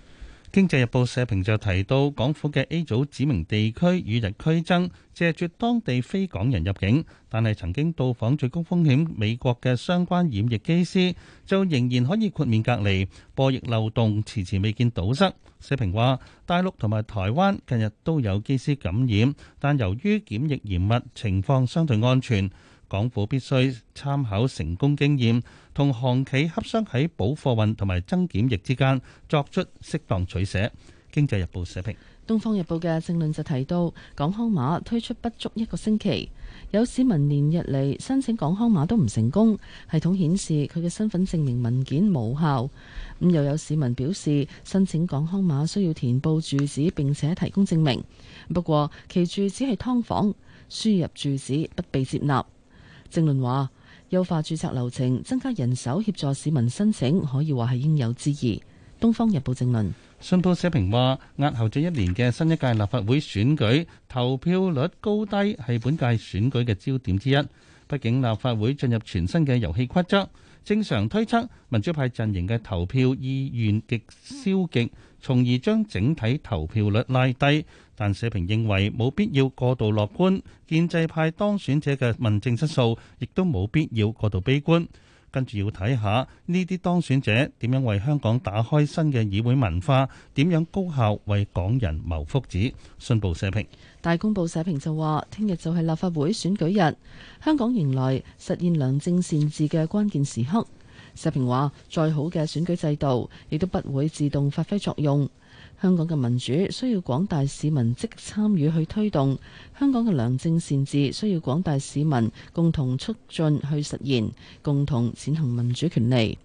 經濟日報社評就提到，港府嘅 A 組指明地區與日俱增，謝絕當地非港人入境，但係曾經到訪最高風險美國嘅相關染疫機師就仍然可以豁免隔離，播疫漏洞遲遲未見堵塞。社評話，大陸同埋台灣近日都有機師感染，但由於檢疫嚴密，情況相對安全。港府必須參考成功經驗，同航企洽商喺補貨運同埋增檢疫之間作出適當取捨。經濟日報社評。《東方日報》嘅政論就提到，港康碼推出不足一個星期，有市民連日嚟申請港康碼都唔成功，系統顯示佢嘅身份證明文件無效。咁又有市民表示，申請港康碼需要填報住址並且提供證明，不過其住址係劏房，輸入住址不被接納。正論話，優化註冊流程、增加人手協助市民申請，可以話係應有之義。東方日報正論，信報社評話，押後咗一年嘅新一屆立法會選舉，投票率高低係本屆選舉嘅焦點之一。畢竟立法會進入全新嘅遊戲規則，正常推測民主派陣營嘅投票意願極消極，從而將整體投票率拉低。但社評認為冇必要過度樂觀，建制派當選者嘅問政質素亦都冇必要過度悲觀，跟住要睇下呢啲當選者點樣為香港打開新嘅議會文化，點樣高效為港人謀福祉。信報社評，大公報社評就話，聽日就係立法會選舉日，香港迎來實現良政善治嘅關鍵時刻。社評話，再好嘅選舉制度，亦都不會自動發揮作用。香港嘅民主需要廣大市民積極參與去推動，香港嘅良政善治需要廣大市民共同促進去實現，共同踐行民主權利。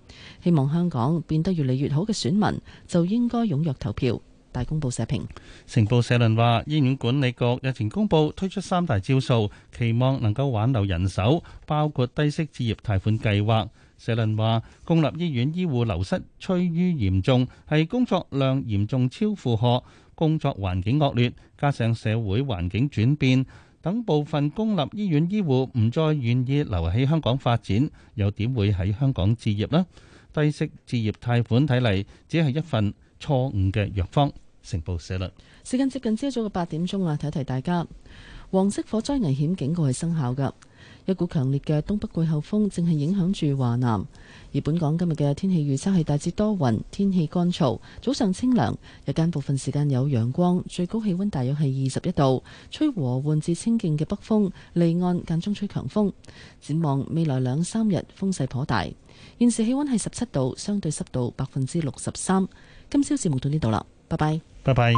希望香港變得越嚟越好嘅選民，就應該踊躍投票。大公報社評，成報社論話，醫院管理局日前公布推出三大招數，期望能夠挽留人手，包括低息置業貸款計劃。社論話，公立醫院醫護流失趨於嚴重，係工作量嚴重超負荷，工作環境惡劣，加上社會環境轉變等，部分公立醫院醫護唔再願意留喺香港發展，又點會喺香港置業呢？低息置業貸款睇嚟，只係一份錯誤嘅藥方。成報社論，時間接近朝早嘅八點鐘啦，提提大家，黃色火災危險警告係生效噶。一股強烈嘅東北季候風正係影響住華南，而本港今日嘅天氣預測係大致多雲，天氣乾燥，早上清涼，日間部分時間有陽光，最高氣溫大約係二十一度，吹和緩至清勁嘅北風，離岸間中吹強風。展望未來兩三日風勢頗大。現時氣溫係十七度，相對濕度百分之六十三。今朝節目到呢度啦，拜拜，拜拜。